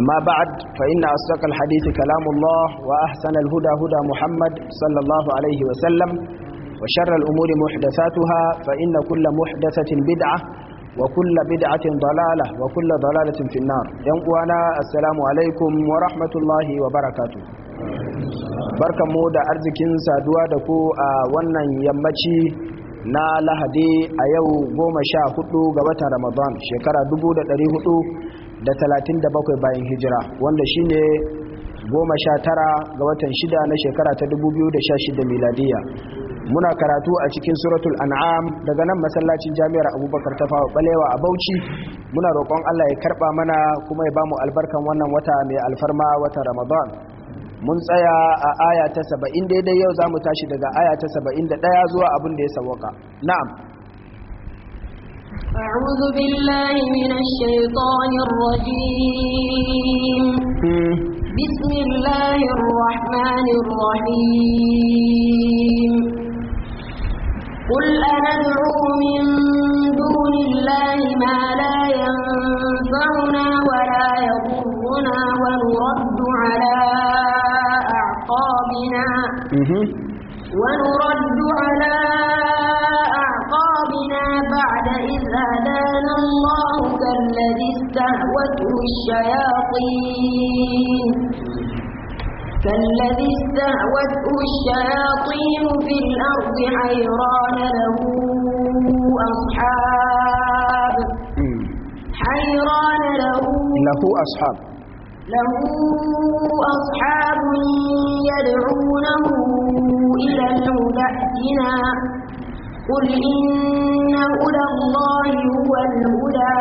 أما بعد فإن أصدق الحديث كلام الله وأحسن الهدى هدى محمد صلى الله عليه وسلم وشر الأمور محدثاتها فإن كل محدثة بدعة وكل بدعة ضلالة وكل ضلالة في النار ينقوانا السلام عليكم ورحمة الله وبركاته barkan mu da arzikin saduwa da ku a wannan yammaci na lahadi a yau goma sha hudu ga watan ramadan shekara 1400 da talatin da bakwai bayan hijira wanda shine goma sha tara ga watan shida na shekara ta dubu biyu da sha shida miladiya muna karatu a cikin suratul an'am daga nan masallacin jami'ar abubakar ta fawa balewa a bauchi muna roƙon allah ya karɓa mana kuma ya bamu albarkan wannan wata mai alfarma wata ramadan mun tsaya a ayata ta saba'in daidai yau za mu tashi daga aya ta saba'in da ɗaya zuwa abin da ya sauwaka na'am أعوذ بالله من الشيطان الرجيم بسم الله الرحمن الرحيم قل أندعو من دون الله ما لا ينفعنا ولا يضرنا ونرد على أعقابنا ونرد على بعد إذ هدانا الله كالذي استهوته الشياطين كالذي استهوته الشياطين في الأرض حيران له أصحاب حيران له له أصحاب له أصحاب يدعونه إلى الهدى قل إن هدى الله هو الهدى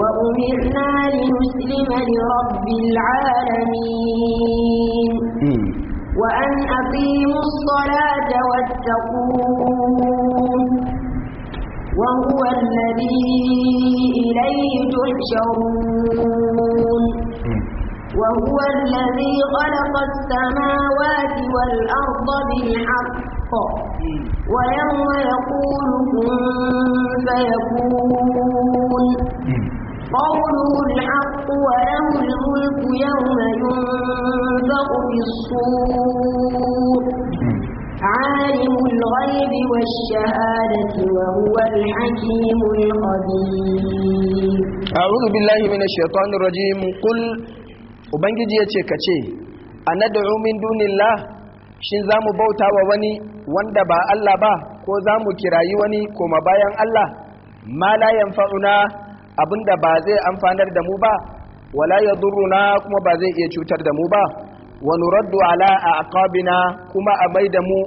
وأمرنا لنسلم لرب العالمين وأن أقيموا الصلاة واتقوه وهو الذي إليه تحشرون وهو الذي خلق السماوات والأرض بالحق الحق ويوم يقول كن فيكون قوله الحق وله الملك يوم ينفق في الصور عالم الغيب والشهادة وهو الحكيم الخبير أعوذ بالله من الشيطان الرجيم قل وبنجي يتشكتي أندعو من دون الله shin za mu bauta wa wani wanda ba Allah ba ko za mu kirayi wani koma bayan Allah ma la yanfa'una abinda ba zai amfanar da mu ba wala yadurruna kuma ba zai iya cutar da mu ba wa nuraddu ala aqabina kuma a mai da mu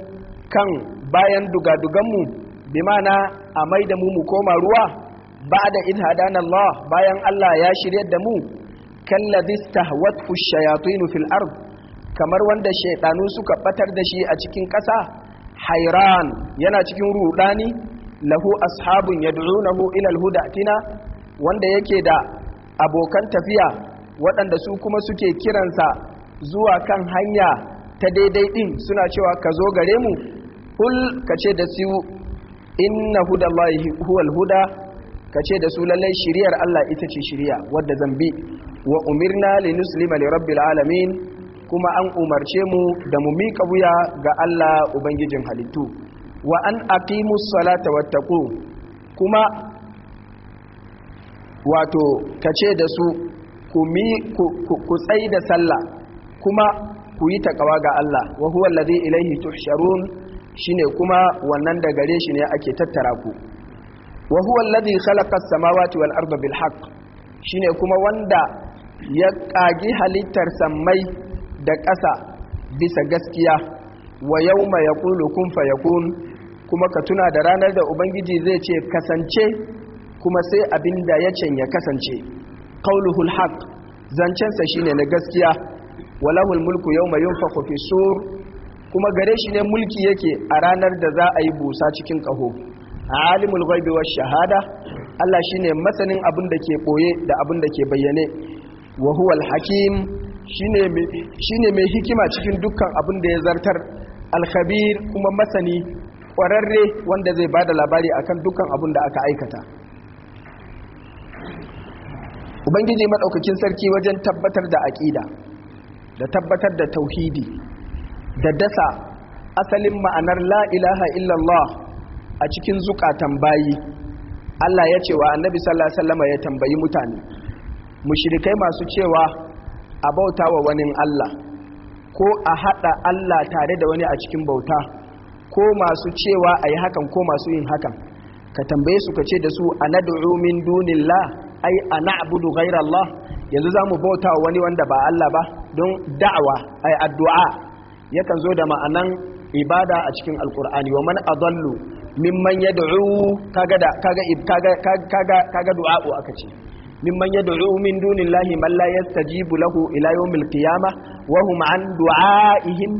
kan bayan dugadugan mu bi mana a mai da mu mu koma ruwa ba'da in hadana Allah bayan Allah ya shiryar da mu kalladhi stahwathu ash-shayatin fil ard kamar wanda shaidanu suka batar da shi a cikin ƙasa hairan yana cikin rudani lahu ashabun yad'unahu ila alhuda tina wanda yake da abokan tafiya waɗanda su kuma suke kiransa zuwa kan hanya ta daidai din suna cewa ka zo gare mu kul ce da su inna hudallahi huwal huda ce da su lallai shiriyar Allah ita ce shiriya wadda zambi wa umirna linuslima lirabbil alamin kuma an umarce mu da mu miƙa wuya ga Allah ubangijin halittu wa an aqimu salata wattaqu kuma wato kace da su ku mi ku tsai da sallah kuma ku yi takawa ga Allah wa huwa allazi ilayhi tuhsharun shine kuma wannan da gare shi ne ake tattara ku wa huwa allazi khalaqa as-samawati wal arda bil haqq shine kuma wanda ya kagi halittar sammai da ƙasa bisa gaskiya wa yauma yaqulu kun fayakun kuma ka tuna da ranar da ubangiji zai ce kasance kuma sai abin da ya can ya kasance qauluhul haqq zancensa shine na gaskiya walahul mulku yau yawma yin fi sur kuma gare shi ne mulki yake a ranar da za a yi busa cikin kaho alimul ghaibi wash shahada Allah shine masanin abin da ke boye da abin da ke bayyane wa huwal hakim Shi ne mai hikima cikin dukkan abin da ya zartar alkhabir kuma masani kwararre wanda zai ba da labari akan dukkan abin da aka aikata ubangiji maɗaukakin sarki wajen tabbatar da aƙida da tabbatar da tauhidi da dasa asalin ma'anar la ilaha illallah a cikin zukatan bayi Allah ya ce wa annabi sallallahu ya tambayi mutane mushrikai masu cewa a bauta wa wani Allah ko a haɗa Allah tare da wani a cikin bauta ko masu cewa a yi hakan ko masu yin hakan ka tambaye su ka ce da su a nadu'u min dunillah ai a na'budu ghairallah yanzu za mu bauta wa wani wanda ba Allah ba don da'awa ai addu'a yakan zo da ma'anan ibada a cikin alkur'ani wa man adallu mimman yad'u kaga kaga kaga kaga du'a aka ce mimman yad'u min dunillahi man la yastajibu lahu ila yawmil qiyamah wa hum an du'aihim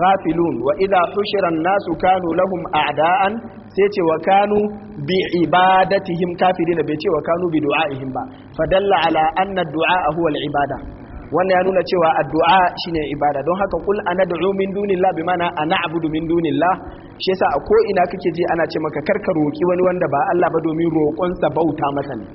ghafilun wa idha hushira an-nasu kanu lahum a'da'an sai ce wa kanu bi ibadatihim kafirin bai ce wa kanu bi du'aihim ba fadalla ala anna du'a huwa al-ibada wannan ya nuna cewa addu'a shine ibada don haka kul anad'u min dunillah bi mana ana'budu min dunillah shi yasa a ko ina kake ji ana ce maka karka roki wani wanda ba Allah ba domin roƙonsa bauta masa ne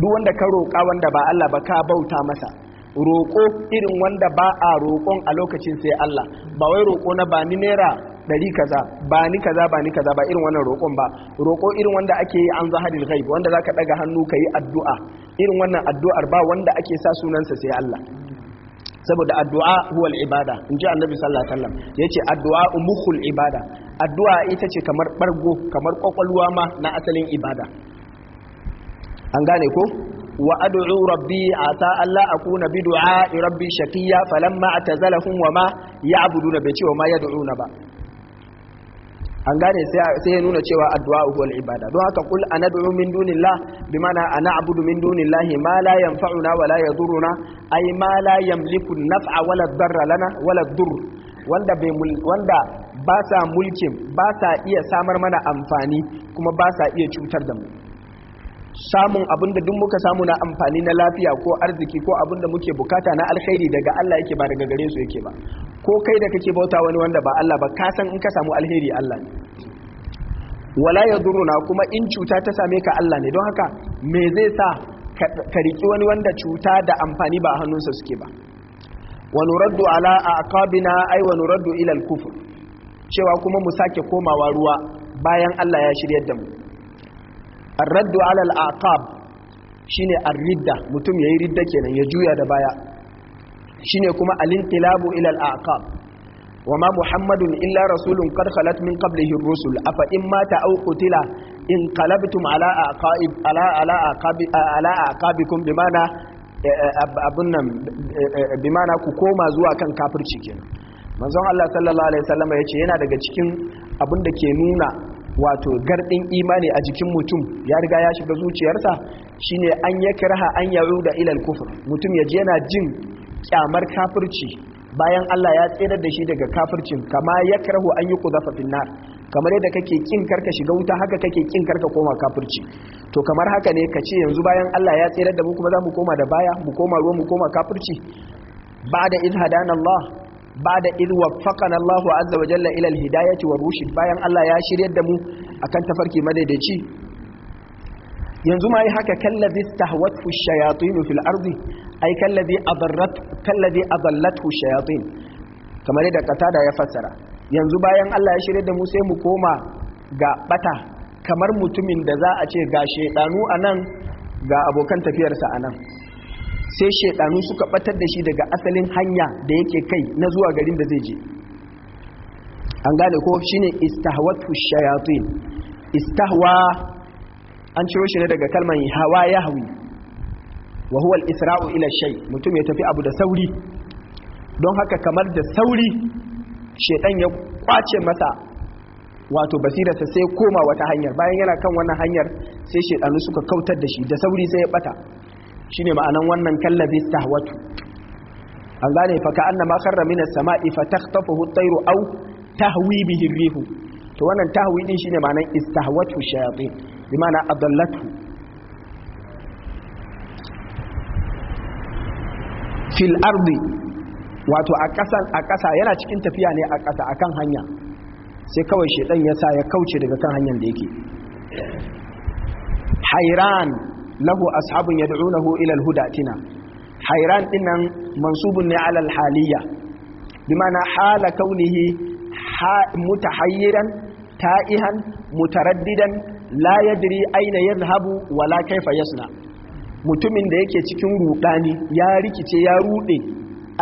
duk wanda ka roƙa wanda ba Allah ba ka bauta masa roƙo irin wanda ba a roƙon a lokacin sai Allah ba wai roƙo na ba ni naira ɗari kaza ba ni kaza ba ni kaza ba irin wannan roƙon ba roƙo irin wanda ake yi an zahadil ghaib wanda za ka ɗaga hannu ka yi addu'a irin wannan addu'ar ba wanda ake sa sunansa sai Allah saboda addu'a huwal ibada in ji annabi sallallahu alaihi wasallam yace addu'a umukhul ibada addu'a ita ce kamar bargo kamar kwakwalwa ma na asalin ibada an gane ko wa ad'u rabbi ata alla akuna bi du'a'i rabbi shaqiya falamma atazalahum wa ma ya'buduna bai ce wa ma yad'una ba an gane sai ya nuna cewa addu'a huwal ibada don haka kul anad'u min dunillah bi mana ana abudu min dunillah ma la yanfa'una wa la yadurruna ay ma la yamliku naf'a wala darra lana wala dur wanda bai wanda ba sa mulkin ba sa iya samar mana amfani kuma ba sa iya cutar da mu samun abin da duk muka samu na amfani na lafiya ko arziki ko abin da muke bukata na alkhairi daga Allah yake ba daga gare su yake ba ko kai da kake bauta wani wanda ba Allah ba ka san in ka samu alheri Allah ne wala yadurruna kuma in cuta ta same ka Allah ne don haka me zai sa ka riki wani wanda cuta da amfani ba hannunsa suke ba wa nuraddu ala aqabina ay wa nuraddu ila al-kufr cewa kuma mu sake komawa ruwa bayan Allah ya shiryar da mu ar alal ala shine Arridda, mutum yayi ridda kenan ya juya da baya shine kuma Ali'n Tilabu ila al-aqab wama muhammadun illa rasulun qad khalat min qablihi rusul afa in mata aw qutila in qalabtum ala aqaib ala ala aqabi ala aqabikum bimana eh, eh, eh, bimana ku koma zuwa kan kafirci kenan manzon Allah sallallahu alaihi wasallam yace yana daga cikin abinda da ke nuna wato gardin imani a jikin mutum ya riga ya shiga zuciyarsa shine an ya yakraha an da ilal kufur mutum ya je yana jin kyamar kafirci bayan Allah ya tsere da shi daga kafircin kama ya karhu an yi kuzafa finnar kamar yadda kake kin karka shiga wuta haka kake kin karka koma kafirci to kamar haka ne ka ce yanzu bayan Allah ya tsere da mu kuma za mu koma da baya mu koma ruwa mu koma kafirci ba da hadana Allah Ba da waffaqana Allahu azza wa jalla ila alhidayati wa rushd bayan Allah ya shirya da mu kan tafarki madaidaici yanzu ma yi haka kallazi tahwatu shayatin fil ardi ay kallazi adarrat kallazi adallatu shayatin kamar yadda katada ya fassara yanzu bayan Allah ya shirya da mu sai mu koma ga ɓata, kamar mutumin da za a ce ga shedanu anan ga abokan tafiyarsa anan sai shaidanu suka batar da shi daga asalin hanya da yake kai na zuwa garin da zai je an gane ko shine istahwatu shayatin istahwa an ciro shi ne daga kalmar hawa ya wa huwa al-isra'u ila shai, mutum ya tafi abu da sauri don haka kamar da sauri shaidan ya kwace masa wato basirarsa sai koma wata hanyar bayan yana kan wannan hanyar sai shaidanu suka kautar da shi da sauri sai ya bata shine ma'anan wannan kallabi tahwatu an gane fa ka annama kharra minas sama'i fa takhtafuhu at-tayru aw tahwi bihi rihu to wannan tahwi din shine ma'anan istahwatu shayatin bi ma'ana adallatu fil ardi wato a kasan a kasa yana cikin tafiya ne a kasa akan hanya sai kawai shedan ya sa ya kauce daga kan hanyar da yake hairan lahu ashabun yad'unahu ila al-huda tina hairan dinnan mansubun ne alal al-haliyya bimana hala kaunihi mutahayyiran ta'ihan mutaraddidan la yadri aina yadhhabu wala kaifa yasna mutumin da yake cikin rudani ya rikice ya rude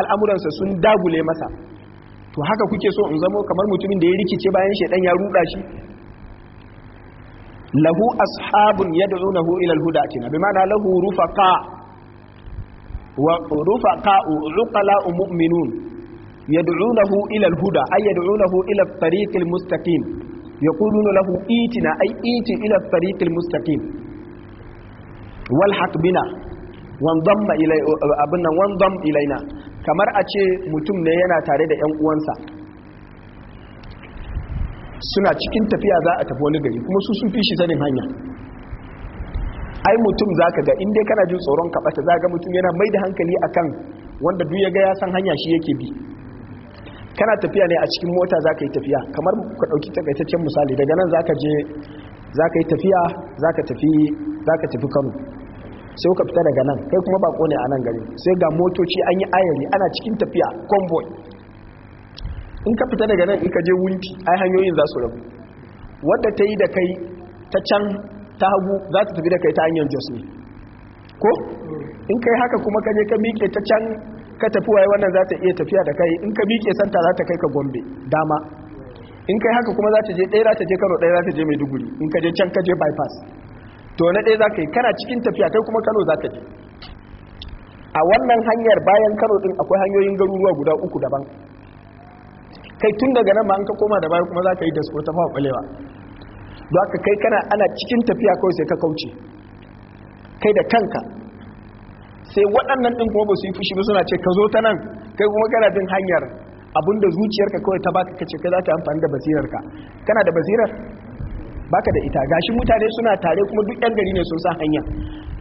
al'amuransa sun dagule masa to haka kuke so in zamo kamar mutumin da ya rikice bayan shedan ya ruda shi lahu ashabun yad'unahu ila al-huda kina bima'ana lahu rufaqa wa rufaqa uqala mu'minun yad'unahu ila al-huda ay yad'unahu ila at-tariq al-mustaqim yaquluna lahu itina ay iti ila at-tariq al-mustaqim walhaq bina wanzamma ilai abin nan ilaina kamar a ce mutum ne yana tare da yan uwansa suna cikin tafiya za a tafi wani gari kuma su sun fi shi sanin hanya ai mutum za ka ga inda kana jin tsoron kaɓata za ga mutum yana mai da hankali akan wanda duk ya ga ya san hanya shi yake bi kana tafiya ne a cikin mota za ka yi tafiya kamar ka ɗauki takaitaccen misali daga nan za ka je za ka yi tafiya za ka tafi kano sai ka fita daga nan kai kuma baƙo ne a nan gari sai ga motoci an yi ayari ana cikin tafiya convoy in ka fita daga nan in ka je wunti ai hanyoyin za su rabu wadda ta yi da kai ta can ta hagu za ta tafi da kai ta hanyar jos ne ko in kai haka kuma ka je ka miƙe ta can ka tafi waye wannan za ta iya tafiya da kai in ka miƙe santa za ta kai ka gombe dama in kai haka kuma za ta je ɗaya za ta je kano ɗaya za ta je maiduguri in ka je can ka je bypass to na ɗaya za ka yi kana cikin tafiya kai kuma kano za ka je a wannan hanyar bayan kano ɗin akwai hanyoyin garuruwa guda uku daban kai tun daga nan ba an ka koma da baya kuma za ka yi da ta fawa kwalewa don haka kai kana ana cikin tafiya kawai sai ka kauce kai da kanka sai waɗannan ɗin kuma ba su yi fushi ba suna ce ka zo ta nan kai kuma kana bin hanyar abinda zuciyarka kawai ta baka kace kai za ta amfani da basirarka kana da basirar baka da ita gashi mutane suna tare kuma duk ɗan gari ne sun san hanya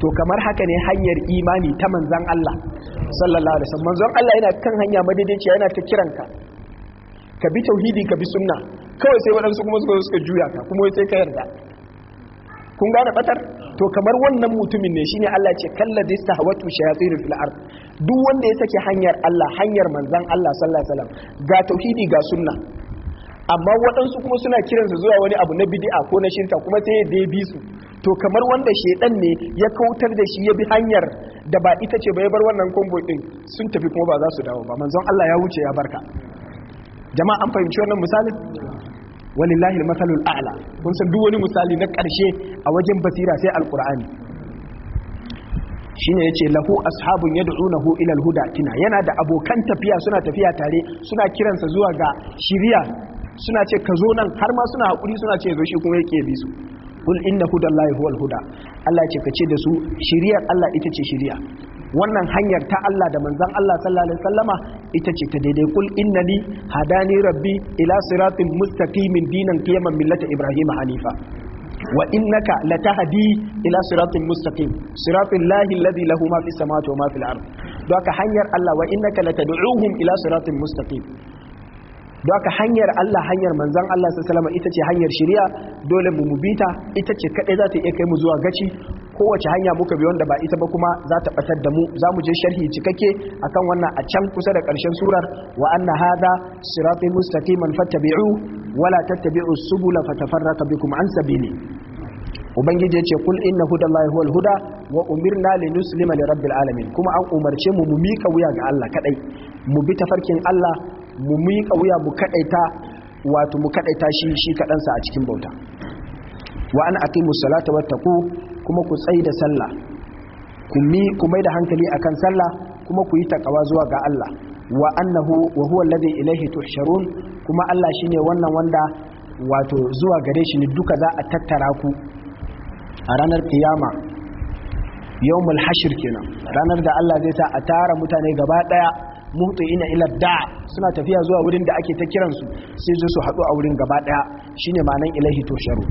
to kamar haka ne hanyar imani ta manzon Allah sallallahu alaihi wasallam manzon Allah yana kan hanya madaidaiciya yana ta kiranka ka bi tauhidi ka bi sunna kawai sai waɗansu kuma suka suka juya ka kuma sai ka yarda kun gane batar to kamar wannan mutumin ne shine Allah ce kalla da istahwatu shayatin fil ard duk wanda ya sake hanyar Allah hanyar manzon Allah sallallahu alaihi wasallam ga tauhidi ga sunna amma waɗansu kuma suna kiransa zuwa wani abu na bid'a ko na shirka kuma sai ya bi su to kamar wanda shedan ne ya kautar da shi ya bi hanyar da ba ita ce ba ya bar wannan kombo din sun tafi kuma ba za su dawo ba manzon Allah ya wuce ya barka jama'a an fahimci wannan misalin walillahi al-masalul a'la kun san duk wani misali na karshe a wajen basira sai alqur'ani shine yace lahu ashabun yad'unahu ila al-huda kina yana da abokan tafiya suna tafiya tare suna kiransa zuwa ga shiriya suna ce ka zo nan har ma suna hakuri suna ce zo shi kuma yake bi su kul inna hudallahi huwal huda Allah ya ce ka ce da su shiriyar Allah ita ce shiriya wannan hanyar ta Allah da manzon Allah sallallahu alaihi wasallama ita ce ta daidai kul innani hadani rabbi ila siratin mustaqimin dinan qiyaman millata ibrahima hanifa wa innaka latahdi ila siratin mustaqim siratil lahi alladhi lahu ma fis samawati wa ma fil ard hanyar Allah wa innaka latad'uhum ila siratin mustaqim don haka hanyar Allah hanyar manzan Allah sallama ita ce hanyar shirya dole mu bita ita ce kadai za ta iya kai mu zuwa gaci kowace hanya muka bi wanda ba ita ba kuma za ta ɓatar da mu za mu je sharhi cikakke akan wannan a can kusa da karshen surar wa anna hadha sirati mustaqiman fattabi'u wala tattabi'u subula fatafarraqa bikum an sabili ubangiji ya ce kul inna hudallahi huwal huda wa umirna linuslima lirabbil alamin kuma an umarce mu mu mika wuya ga Allah kadai mu bi tafarkin Allah mu miƙa wuya mu kadaita wato mu kadaita shi shi kaɗansa a cikin bauta wa an aqimu salata wattaqu kuma ku tsayi da sallah ku mi ku mai da hankali akan sallah kuma ku yi takawa zuwa ga Allah wa annahu wa huwa alladhi ilayhi tuhsharun kuma Allah shine wannan wanda wato zuwa gare shi ne duka za a tattara ku a ranar kiyama yawmul hashr kenan ranar da Allah zai sa a tara mutane gaba daya mutu ina ila da suna tafiya zuwa wurin da ake ta kiransu sai zo su haɗu a wurin gaba ɗaya shine ma'anan ilaihi tusharu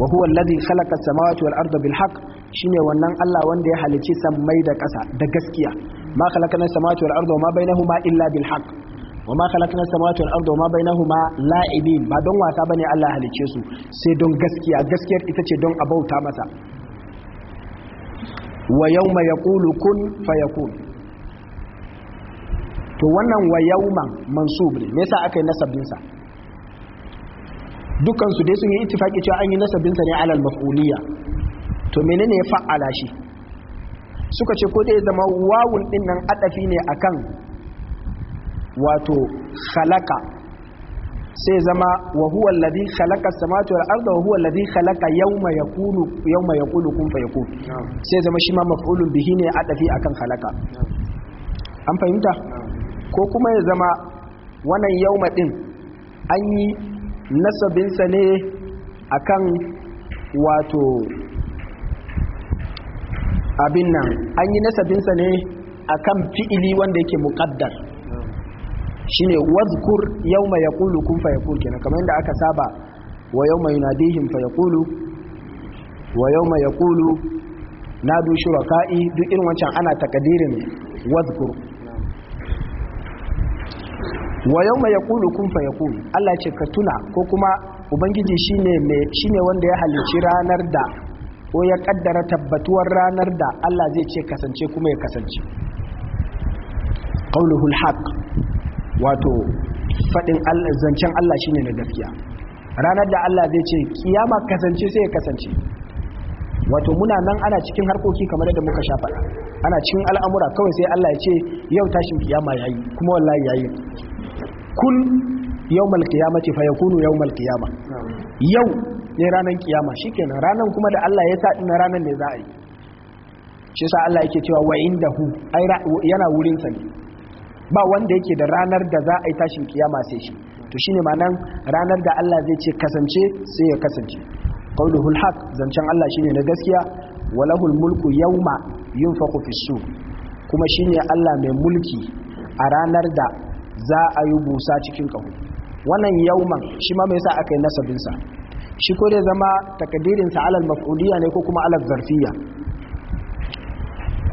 wa huwa alladhi khalaqa as-samawati wal arda bil haqq shine wannan Allah wanda ya halicci samai da ƙasa da gaskiya ma khalaqana samawati wal arda wa ma bainahuma illa bil haqq wa ma khalaqna samawati wal arda wa ma bainahuma la'ibin ba don wasa bane Allah halice su sai don gaskiya gaskiyar ita ce don abauta masa wa yawma yaqulu kun fayakun to wannan wa yawman mansub ne me yasa aka yi nasabin sa dukkan su dai sun yi ittifaki cewa an yi nasabin sa ne alal maf'uliyya to menene ya fa'ala shi suka ce ko dai zama wawun din nan adafi ne akan wato khalaqa sai zama wa huwa alladhi khalaqa samawati wal arda wa huwa alladhi khalaqa yawma yakunu yawma yakunu kun fayakun sai zama shi ma maf'ulun bihi ne adafi akan khalaqa an fahimta ko kuma ya zama wannan yauma maɗin an yi nasabinsa ne a kan, wato abin nan an yi nasabinsa ne a kan fi'ili wanda yake Shi ne wazkur yauma yaqulu kun fayakun kenan kamar yadda aka saba wa yau yauma yunadihim fayaqulu wa yau yauma na nadu shuraka'i duk irin wancan ana takadirin wazkur wa yau mai yakulu kun fa yakulu Allah ce ka tuna ko kuma ubangiji shine mai shine wanda ya halici ranar da ko ya kaddara tabbatuwar ranar da Allah zai ce kasance kuma ya kasance qauluhu alhaq wato fadin Allah zancen Allah shine na gaskiya ranar da Allah zai ce kiyama kasance sai ya kasance wato muna nan ana cikin harkoki kamar da muka sha ana cikin al'amura kawai sai Allah ya ce yau tashin kiyama yayi kuma wallahi yayi kun yawmal qiyamati fayakunu yawmal qiyama yau ne ranar kiyama shikenan ranar kuma da Allah ya sa ina ranar ne za a yi shi sa Allah yake cewa wa indahu ai yana wurin sa ne ba wanda yake da ranar da za a yi tashin kiyama sai shi to shine ma'anar ranar da Allah zai ce kasance sai ya kasance qauluhul haq zancen Allah shine na gaskiya walahul mulku yawma yunfaqu fis-sur kuma shine Allah mai mulki a ranar da za a yi busa cikin kahu. wannan yauman shi ma mai sa aka yi nasabinsa shi ko dai zama takadirinsa alal maf'udiya ne ko kuma alal zarfiya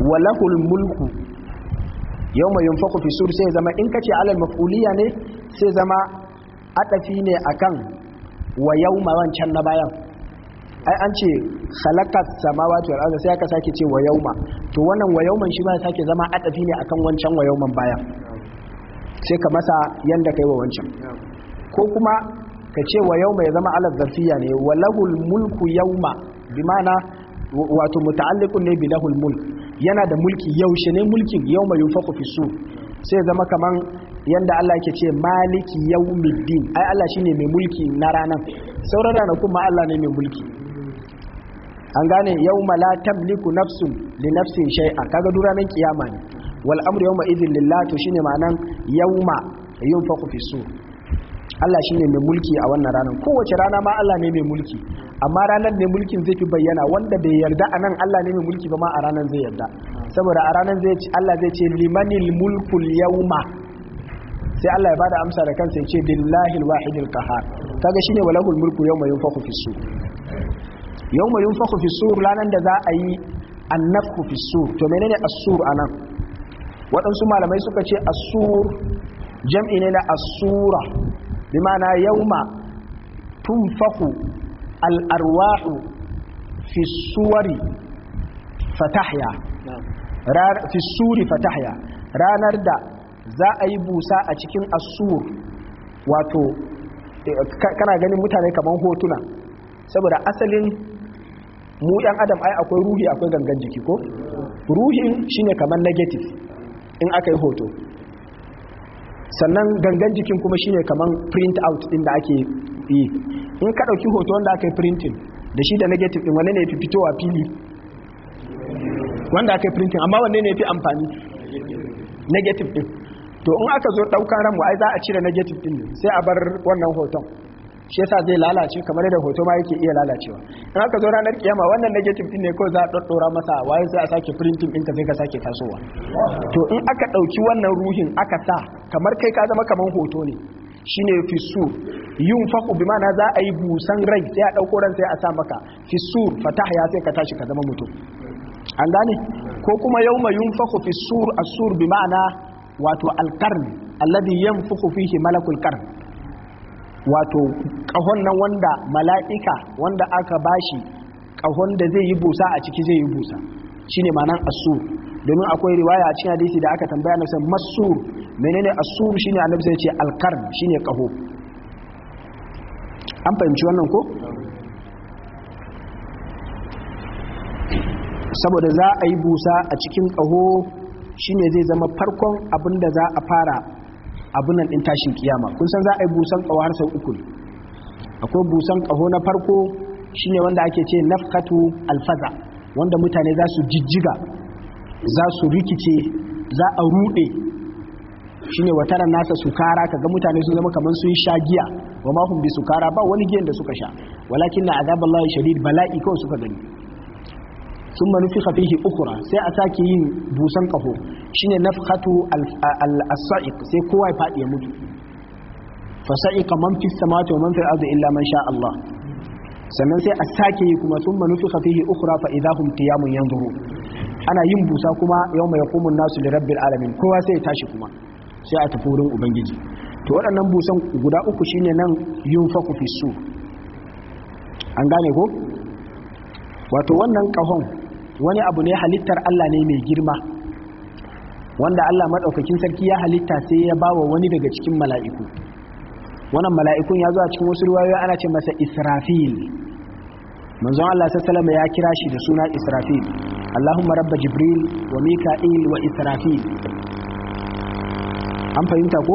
walakul mulku yawma yunfaqu fi sur sai zama in kace alal maf'udiya ne sai zama adafi ne akan wa yawma wancan na bayan ai an ce khalaqat samawati wal arda sai aka sake ce wa to wannan wa yawman shi ma sake zama adafi ne akan wancan wa yawman bayan sai ka masa yanda kai wa wancan ko kuma ka ce wa yau mai zama alal zarfiya ne wa lahul mulku yauma bi mana wato muta'alliqun ne bi lahul mulk yana da mulki yau, shi ne mulkin yauma yunfaqu fi su sai zama kaman yanda Allah yake ce maliki yaumiddin ai Allah shine mai mulki na ranan sauran ranakun ma Allah ne mai mulki an gane yauma la tamliku nafsun li nafsin shay'a kaga duranan kiyama ne wal amru yawma idhin lillah to shine ma'anan yawma yunfaqu fi sur Allah shine mai mulki a wannan ranar kowace rana ma Allah ne mai mulki amma ranar ne mulkin zai fi bayyana wanda bai yarda a nan Allah ne mai mulki ba ma a ranar zai yarda saboda a ranar zai ce Allah zai ce limanil mulkul yawma sai Allah ya bada amsa da kansa ya ce billahi alwahidil qahar kaga shine walahul mulku yawma yunfakhu fis sur yawma yunfakhu fis sur ranar da za a yi annafhu fis sur to menene as-sur anan waɗansu malamai suka ce asur jam'i ne na asura bi mana yauma tunfaku al'arwa'u fi suwari fatahya fi fatahya ranar da za a yi busa a cikin asur wato eh, kana ganin mutane kamar hotuna saboda asalin mu ɗan adam ai akwai ruhi akwai gangan jiki ko ruhin shine kamar negative in aka yi hoto sannan gangan jikin kuma shine kaman print out din da ake yi in ka ɗauki hoto wanda aka yi printing da shi da negative din wanne ne fi fitowa fili wanda aka yi printing amma wanne ne fi amfani negative din to in aka zo ɗaukan ranmu ai za a cire negative din sai a bar wannan hoton shi yasa zai lalace kamar yadda hoto ma yake iya lalacewa in aka zo ranar kiyama wannan negative din ne ko za a daddora masa waye sai a sake printing ka sai ka sake tasowa to in aka ɗauki wannan ruhin aka sa kamar kai ka zama kamar hoto ne shine fisur yun faqu bi mana za a yi busan rai sai a ɗauko ran sai a sa maka fisur fatah ya sai ka tashi ka zama mutum an gane ko kuma yawma mai yin fisur asur bi ma'ana wato alkarni alladhi yanfuku fihi malakul qarn wato kahon nan wanda mala'ika wanda aka bashi kahon da zai yi busa a ciki zai yi busa shine manan asur domin akwai riwaya a cikin hadisi da aka tambaya na san masur menene asur shine annabi sai ce alqarn shine kaho an fahimci wannan ko saboda za a yi busa a cikin kaho shine zai zama farkon abin da za a fara abunan nan din tashin kiyama kun san za a yi busan kaho har sau uku akwai busan kaho na farko shine wanda ake ce nafkatu alfaza wanda mutane za su jijjiga za su rikice za a rude shine watara nasa sukara kaga mutane sun zama kamar sun sha giya wa ma hum bi sukara ba wani giyan da suka sha walakin na azaballahi shadid bala'i kawai suka gani sun manufi fihi ukura sai a sake yin busan kaho shine nafhatu al-sa'iq sai kowa ya fadi ya mutu fa sa'iqa man fi samawati wa man fil ardi illa man sha Allah sannan sai a sake yi kuma sun manufi fihi ukura fa idahum qiyamun yanzuru ana yin busa kuma yawma yaqumun nasu li rabbil alamin kowa sai ya tashi kuma sai a tafi wurin ubangiji to waɗannan busan guda uku shine nan yunfaku fi su an gane ko wato wannan kahon wani abu ne halittar Allah ne mai girma wanda Allah maɗaukakin sarki ya halitta sai ya bawa wani daga cikin mala'iku wannan mala'ikun ya zo a cikin wasu ruwayoyi ana ce masa israfil manzon Allah sallallahu ya kira shi da suna israfil Allahumma rabba jibril wa mika'il wa israfil an fahimta ko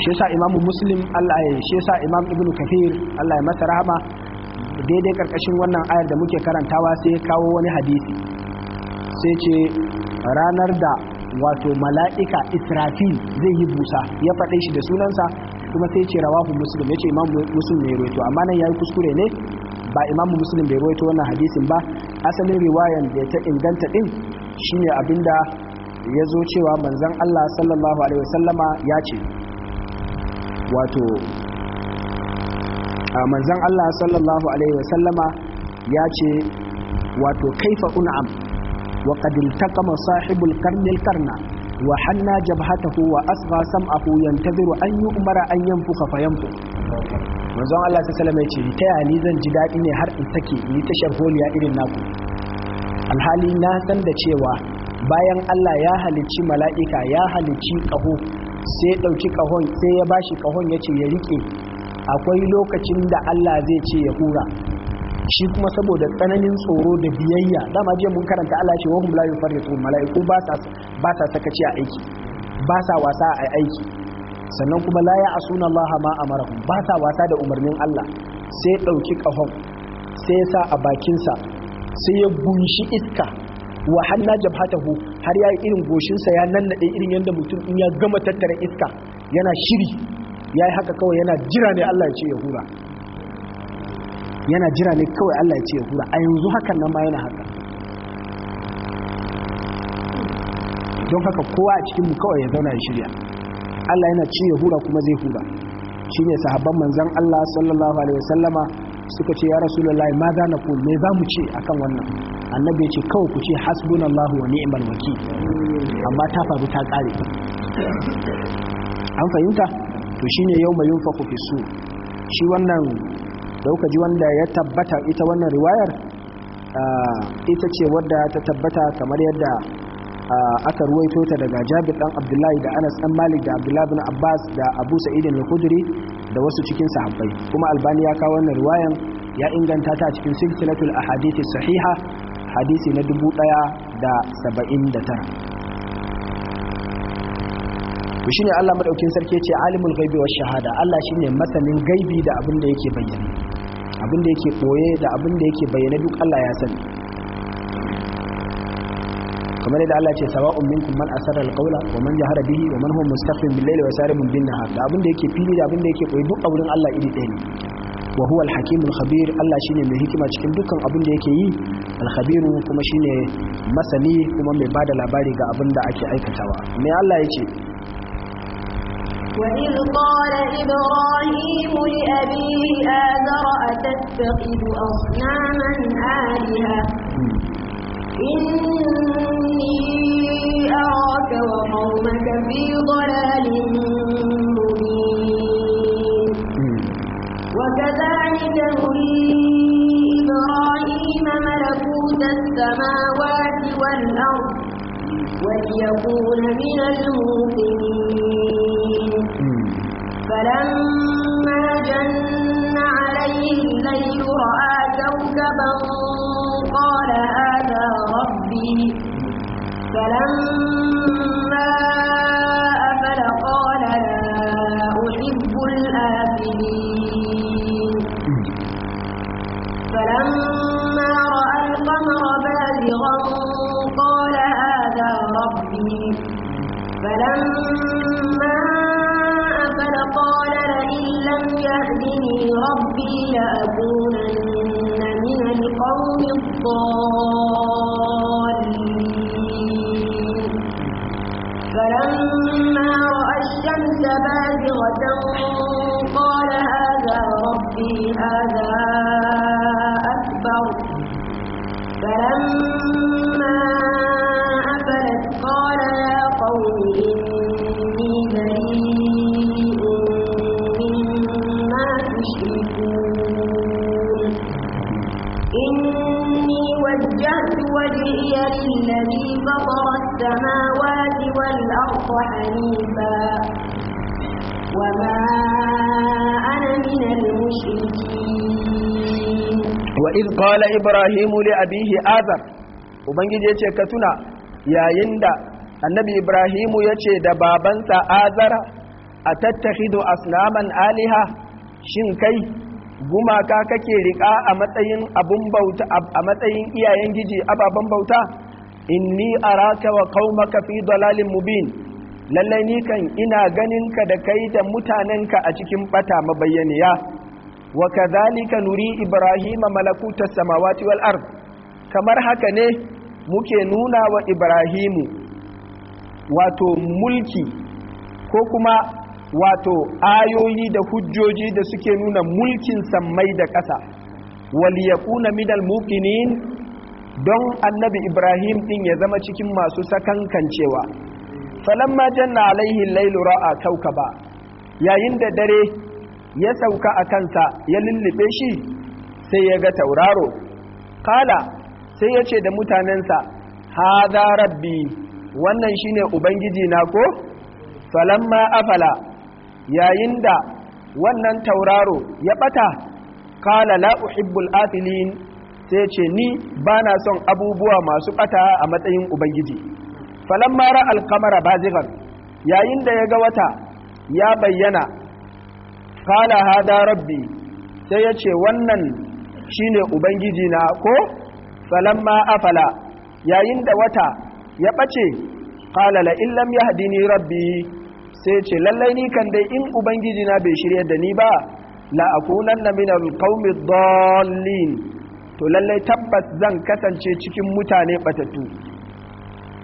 shi yasa imamu muslim Allah ya shi imam ibnu kafir Allah ya masa rahama daidai karkashin wannan ayar da muke karantawa sai kawo wani hadisi sai ce ranar da wato mala'ika israfil zai yi busa ya faɗe shi da sunansa kuma sai ce rawahu muslim ya ce imam muslim mai roito amma nan ya yi kuskure ne ba imam muslim bai roito wannan hadisin ba asalin riwayan da ta inganta din shine da ya zo cewa manzon Allah sallallahu alaihi wasallama ya ce wato manzan Allah sallallahu alaihi wasallama ya ce wato kaifa un'am wa qad iltaqama sahibul qarni al wa hanna jabhatahu wa asgha sam'ahu yantaziru an yu'mara an yanfuka fayanfuk manzon Allah sallallahu alaihi wasallama ya ce ta yani zan ji daɗi ne har in take yi ta sharholiya irin naku alhali na san da cewa bayan Allah ya halicci mala'ika ya halicci ƙaho sai ɗauki ƙahon sai ya bashi ƙahon ya ce ya riƙe akwai lokacin da Allah zai ce ya hura shi kuma saboda tsananin tsoro da biyayya dama jiya mun karanta Allah ce wahum la yufarritu mala'iku ba sa ba sa sakaci a aiki ba sa wasa a aiki sannan kuma la asuna Allah ma amarahum ba sa wasa da umarnin Allah sai dauki kafan sai ya sa a bakin sa sai ya gunshi iska wa hanna jabhatahu har yayi irin goshin sa ya nannade irin yanda mutum in ya gama tattara iska yana shiri ya yi haka kawai yana jira ne Allah ya ce ya hura yana jira ne kawai Allah ya ce ya hura a yanzu hakan nan ma yana haka don haka kowa a cikinmu kawai ya zauna ya shirya Allah yana ce ya hura kuma zai hura shi ne sahabban manzan Allah sallallahu alaihi wasallama suka ce ya rasulullahi ma za na kuma mai za mu ce akan wannan annabi ya ce kawai ku ce Allah wa ni'imar wakil amma ta faru ta tsari an fahimta to ne yau mai yunfa fi su shi wannan daukaji wanda ya tabbata ita wannan riwayar ita ce wadda ta tabbata kamar yadda aka ruwaito ta daga jabir dan abdullahi da anas dan malik da abdullahi bin abbas da abu sa'id al-khudri da wasu cikin sahabbai kuma albani ya kawo wannan riwayan ya inganta ta cikin silsilatul ahadith sahiha hadisi na 1079 to shine Allah madaukin sarki ce alimul ghaibi wash shahada Allah shine masanin gaibi da abin da yake bayyana abin da yake koye da abin da yake bayyana duk Allah ya sani kamar yadda Allah ce sawa'un minkum man asarra alqawla wa man jahara bihi wa man huwa mustaqim bil layli wa sarimun bin nahar da abin da yake fili da abin da yake koye duk aurin Allah iri ɗaya ne wa huwa alhakimul khabir Allah shine mai hikima cikin dukkan abin da yake yi alkhabiru kuma shine masani kuma mai bada labari ga abin da ake aikatawa me Allah ya ce وإذ قال إبراهيم لأبيه آذر أتتخذ أصناما آلهة إني أراك وقومك في ضلال مبين وكذلك نري إبراهيم ملكوت السماوات والأرض وليكون من الموقنين فلما جن عليه الليل رأى كوكبا قال هذا ربي فلما أفل قال لا أحب الآفلين فلما رأى القمر بازغا قال هذا ربي فلما ربي لأكون إني وجهت وجهي للذي فطر السماوات والأرض حنيفا وما أنا من المشركين وإذ قال إبراهيم لأبيه آذر Ubangiji ya ce ka tuna yayin da annabi Ibrahimu ya ce da babansa azara a tattahidu asnaman aliha shin kai gumaka kake riƙa a matsayin abun bauta a matsayin iyayen giji ababen bauta inni araka wa qaumaka fi dalalin mubin lallai ni kan ina ganin ka da kai da mutanenka a cikin bata mabayyaniya wa kadhalika nuri ibrahima malakuta samawati wal ard kamar haka ne muke nuna wa ibrahimu wato mulki ko kuma wato ayoyi da hujjoji da suke nuna mulkin sammai da ƙasa wal yakuna minal muqinin don annabi Ibrahim din ya zama cikin masu sakankancewa falamma janna alaihi al-lailu ra'a ba yayin da dare ya sauka a kansa ya lullube shi sai ya ga tauraro kala sai ya ce da mutanensa haza rabbi wannan shine ubangiji na ko falamma afala yayin da wannan tauraro ya bata kala la uhibbul atilin sai ce ni bana son abubuwa masu bata a matsayin ubangiji falamma ra alkamara bazigan yayin da ya ga wata ya bayyana kala hada rabbi sai ya ce wannan shine ubangiji na ko falamma afala yayin da wata ya bace kala la illam yahdini rabbi sai ce lallai ni kan dai in ubangiji na bai shirya da ni ba la na min alqaumi dallin to lallai tabbas zan kasance cikin mutane batattu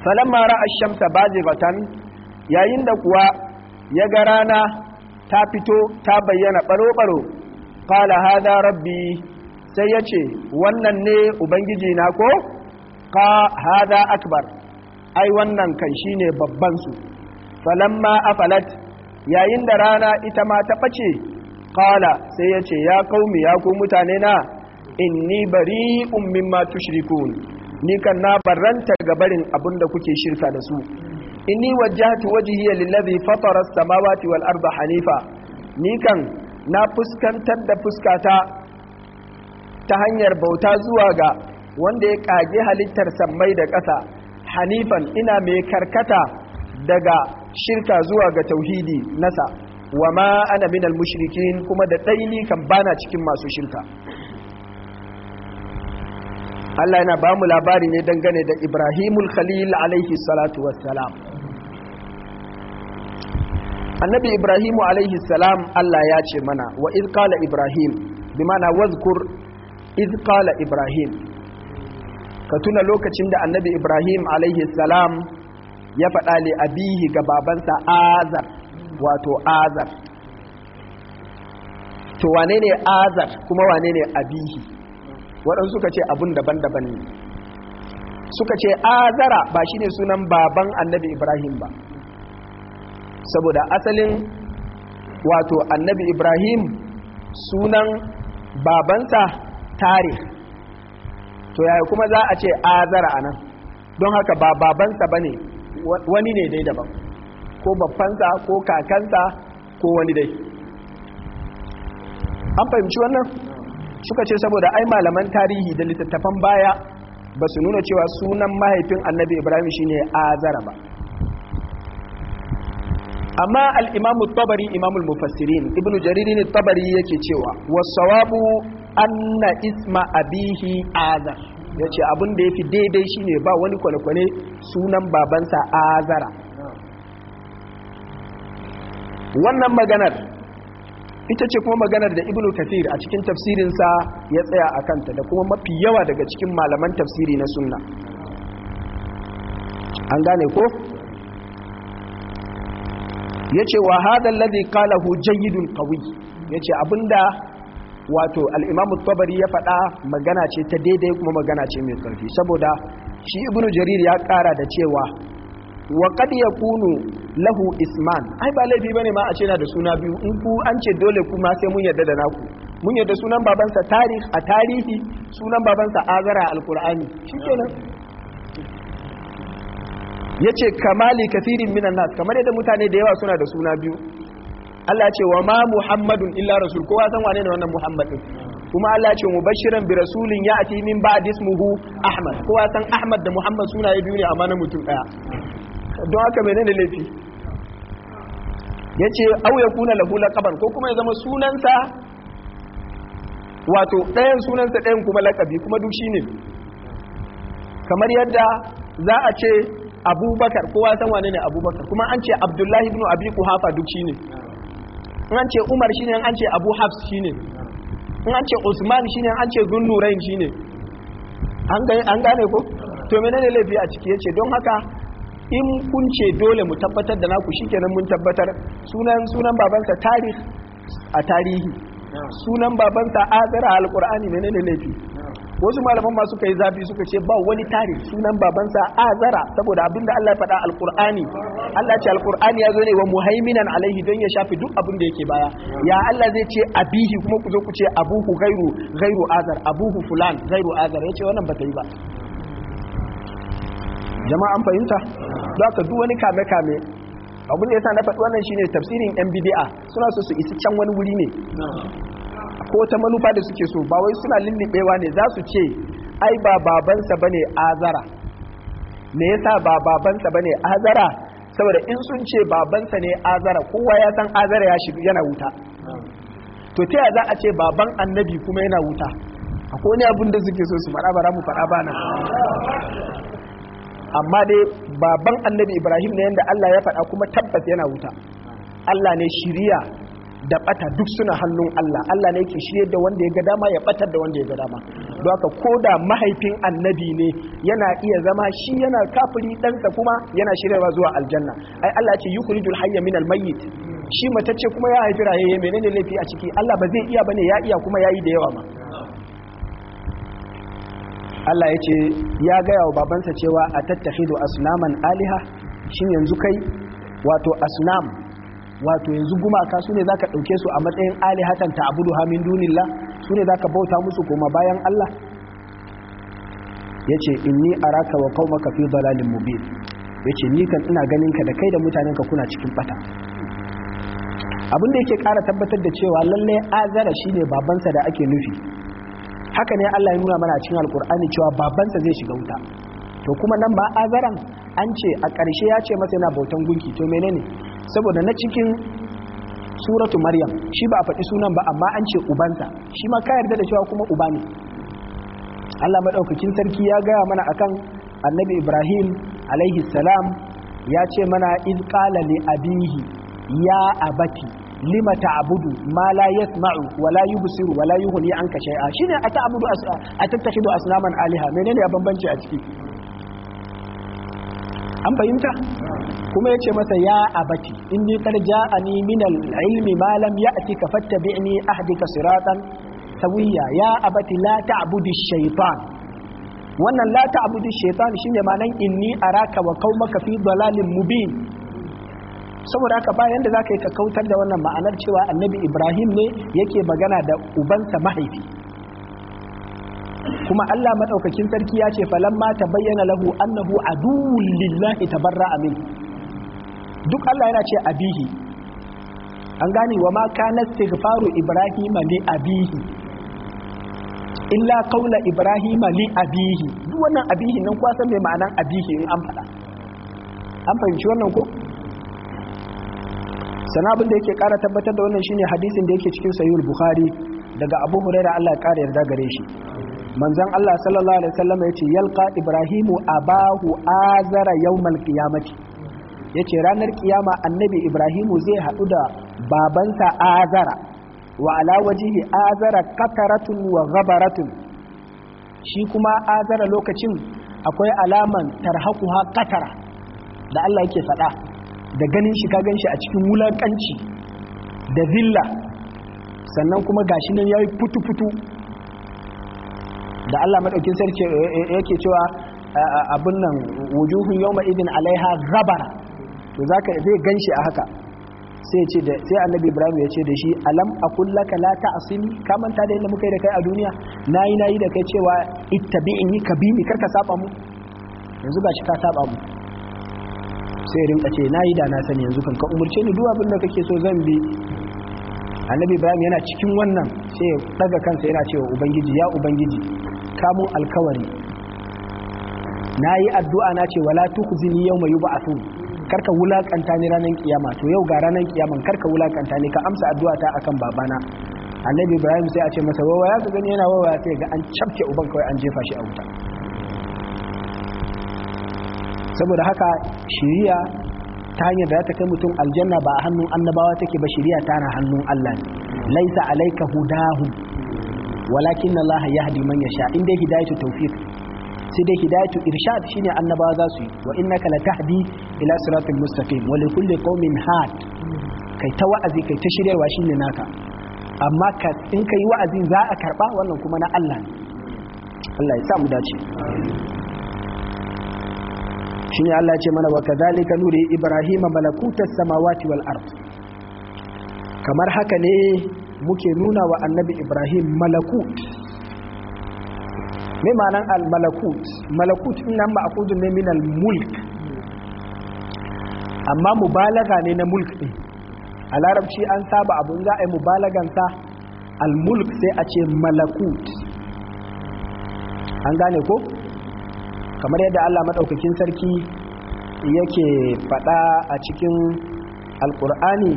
falamma ra ash-shamsa bazighatan yayin da kuwa ya ga rana ta fito ta bayyana baro baro qala hadha rabbi sai ya ce wannan ne ubangiji na ko ka hada akbar ai wannan kan shine babban su falamma afalat yayin da rana ita ma ta ɓace ƙala sai ya ce ya kaumi ya ku mutane na inni bari ma tushrikun ni kan na barranta ga barin abin da kuke shirka da su inni wajjahtu wajhiya lillazi fatara as-samawati wal arda hanifa ni kan na fuskantar da fuskata ta hanyar bauta zuwa ga wanda ya kage halittar sammai da ƙasa hanifan ina mai karkata daga shirka zuwa ga tauhidi nasa wa ma ana minal mushrikin kuma da ɗaini kan bana cikin masu shirka Allah yana ba mu labari ne dangane da Ibrahimul Khalil alaihi salatu wassalam Annabi Ibrahimu alaihi salam Allah ya ce mana wa id qala Ibrahim bi mana wazkur id qala Ibrahim ka tuna lokacin da Annabi Ibrahim alaihi salam ya faɗa li abihi ga babansa azar wato azar to wane ne azar kuma wane ne abihi waɗansu suka ce abun daban-daban ne suka ce azara ba shine sunan baban annabi ibrahim ba saboda asalin wato annabi ibrahim sunan babansa tare. to yaya kuma za a ce azara anan don haka ba babansa ba ne wani ne dai daban ko babbansa ko kakansa ko wani dai an fahimci wannan suka ce saboda ai malaman tarihi da littattafan baya ba su nuna cewa sunan mahaifin annabi ibrahim shine azara ba amma al'imamu tabari imamul mufassirin ibn jaririn tabari yake cewa wasu anna isma abihi azar ya ce abin da ya fi daidai shine ba wani kwane-kwane sunan babansa azara wannan maganar ita ce kuma maganar da ibnu kathir a cikin tafsirinsa ya tsaya a kanta da kuma mafi yawa daga cikin malaman tafsiri na sunna an gane ko ya ce wa hadar ladi kalahu jayyidun kawi ya ce abinda wato al'imamu tabari ya faɗa magana ce ta daidai kuma magana ce mai ƙarfi saboda shi Ibn jarir ya ƙara da cewa wa ya kunu lahu isman ai ba laifi bane ma a ce na da suna biyu in ku an ce dole kuma sai mun yarda da naku mun yarda sunan babansa tarih a tarihi sunan babansa azara alqur'ani shikenan yace kamali kathirin minan nas kamar yadda mutane da yawa suna da suna biyu Allah ya ce wa ma Muhammadun illa rasul kowa san wane ne wannan Muhammadu? kuma Allah ya ce mubashiran bi rasulin ya ati min ba ismuhu Ahmad kowa san Ahmad da Muhammad sunaye biyu ne amma na mutum daya don haka menene laifi yace au yakuna lahu laqaban ko kuma ya zama sunansa wato ɗayan sunansa ɗayan kuma lakabi kuma duk shine kamar yadda za a ce abubakar kowa san wane ne abubakar kuma an ce abdullahi ibn abi kuhafa duk shine an ce umar shine an ce abu hafs shine in an ce usman shine an ce zunnurain shine an gane ko to menene laifi a ciki yace don haka in kun ce dole mu tabbatar da naku shikenan mun tabbatar sunan sunan babansa tarih a tarihi sunan babansa azara alqur'ani menene laifi wasu malaman masu suka zafi suka ce ba wani tare sunan babansa azara saboda abin da Allah ya faɗa Alƙur'ani. Allah ce Alƙur'ani ya zo ne wa muhaiminan alaihi don ya shafi duk abin da yake baya ya Allah zai ce abihi kuma ku zo ku ce abuhu ghairu ghairu azar abuhu fulan ghairu azar yace wannan ba ta yi ba jama'a an fahimta za ka duk wani kame kame abin da yasa na faɗi wannan shine tafsirin yan bidi'a suna so su isa can wani wuri ne ko ta manufa da suke so ba wai suna lullubewa ne za su ce ai ba babansa ba ne azara me yasa ba babansa bane azara saboda in sun ce babansa ne azara kowa ya san azara ya shiga yana wuta to ta za a ce baban annabi kuma yana wuta akwai wani abin da suke so su faɗa bara mu faɗa ba nan amma dai baban annabi ibrahim ne yadda allah ya faɗa kuma tabbas yana wuta allah ne shiriya da bata duk suna hannun Allah Allah ne yake shirye da wanda ya ga dama ya batar da wanda ya ga dama don haka ko da mahaifin annabi ne yana iya zama shi yana kafiri ɗansa kuma yana shiryarwa zuwa aljanna ai Allah ce yukhrijul hayya minal mayyit shi ce kuma ya haifi rayayye menene laifi a ciki Allah ba zai iya bane ya iya kuma yayi da yawa ba. Allah ya ce ya gaya wa babansa cewa a tattafi da asnaman aliha shi yanzu kai wato asnam wato yanzu gumaka su ne za ka ɗauke su a matsayin alihatan ta abudu hamin dunillah su ne za ka bauta musu kuma bayan Allah ya ce inni a raka wa kaumaka fi dalalin mubin ya ce ni kan ina ganin ka da kai da mutanen ka kuna cikin bata abinda yake kara tabbatar da cewa lallai azara shine babansa da ake nufi haka ne Allah ya nuna mana cikin alkur'ani cewa babansa zai shiga wuta to kuma nan ba azaran an ce a ƙarshe ya ce masa yana bautan gunki to menene saboda na cikin suratu maryam shi ba a faɗi sunan ba amma an ce ubansa shi ma ka yarda da cewa kuma uba ne Allah maɗaukacin sarki ya gaya mana akan annabi Ibrahim alaihi salam ya ce mana iz qala abihi ya abati lima ta'budu ma la yasma'u wa la yubsiru wa la yughni anka shay'a shine ata'budu asnaman alaha menene ya bambanci a ciki an fahimta kuma yace masa ya abati inni qad ja'ani min al-ilmi ka lam ya'tika fattabi'ni ahdika siratan sawiya ya abati la ta'budi shaytan wannan la ta'budi shaytan shine ma'anan inni araka wa qaumaka fi dalalin mubin saboda haka bayan da zaka yi ka kautar da wannan ma'anar cewa annabi Ibrahim ne yake magana da ubansa mahaifi kuma Allah madaukakin sarki ya ce falamma tabayyana lahu annahu aduwwul lillahi tabarra'a min duk Allah yana ce abihi an gane wa ma kana istighfaru ibrahima li abihi illa qaula ibrahima li abihi duk wannan abihi nan kwa san mai ma'anan abihi in an fada an fahimci wannan ko Sanabin da yake kara tabbatar da wannan shine hadisin da yake cikin sahih bukhari daga abu hurairah Allah ya kara yarda gare shi Manzan Allah sallallahu alaihi wasallam ce yalka ibrahimu abahu azara yawmal qiyamati ce ranar kiyama annabi ibrahimu zai haɗu da babansa azara wa ala wajihi azara kakaratun wa gabaratun shi kuma azara lokacin akwai alaman tarhakuha qatara da Allah yake faɗa. da ganin shi ka shi a cikin wulakanci da zilla sannan kuma gashi nan yi futu-futu da Allah madaukin sarki yake cewa abun nan wujuhun yawma idin alaiha ghabara to zaka zai ganshi a haka sai ce da sai annabi ibrahim ya ce da shi alam aqul laka la ta'sini ka manta da yadda muka yi da kai a duniya nayi nayi da kai cewa yi ka bi ni karka saba mu yanzu shi ka saba mu sai rinka ce nayi da na sani yanzu kan ka umurce ni duk abin da kake so zan bi annabi ibrahim yana cikin wannan sai ya daga kansa yana cewa ubangiji ya ubangiji kamun alkawari na yi addu'a na ce wala mai yawma yub'athun karka wulakanta ni ranar kiyama to yau ga ranar kiyama karka wulakanta ni ka amsa addu'a ta akan babana annabi ibrahim sai a ce masa wawa ya gani yana wawa sai ga an cafke uban kawai an jefa shi a wuta saboda haka shiriya ta hanyar da ta kai mutum aljanna ba a hannun annabawa take ba shiriya tana hannun allah ne laisa alaika hudahum walakin Allah yahdi man yasha in dai hidayatu tawfiq sai dai hidayatu irshad shine annabawa za su yi wa innaka latahdi ila siratil mustaqim wa likulli qaumin had kai ta wa'azi kai ta shiryarwa shine naka amma ka in kai wa'azin za a karba wannan kuma na Allah ne Allah ya sa mu dace shine Allah ya ce mana wa kadhalika nuri ibrahima malakutas samawati wal ard kamar haka ne muke nuna wa annabi ibrahim malakut mai manan al-malakut malakut nan ma'akudun ne min al-mulk amma mubalaga ne na mulk ɗin a larabci an saba abun za a yi mubalagansa al-mulk sai a ce malakut an gane ko kamar yadda allah maɗaukakin sarki yake faɗa a cikin alƙur'ani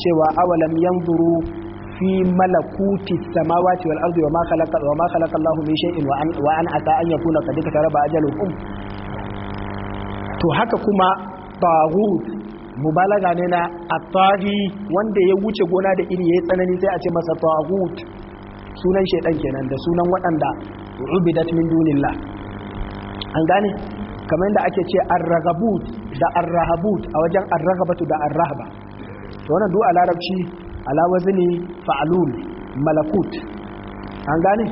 cewa awalam yanzuru fi malakuti samawati wal ardi wa ma khalaqa wa ma khalaqa Allahu min shay'in wa an wa an ata an yakuna qad takaraba ajalukum to haka kuma tagut mubalaga ne na atari wanda ya wuce gona da iri yayi tsanani sai a ce masa tagut sunan shaytan kenan da sunan waɗanda ubidat min dunillah an gane kamar yadda ake ce ragabut da arrahabut a wajen ragabatu da arrahaba to wannan du'a larabci ala wazini fa'alul malakut an gane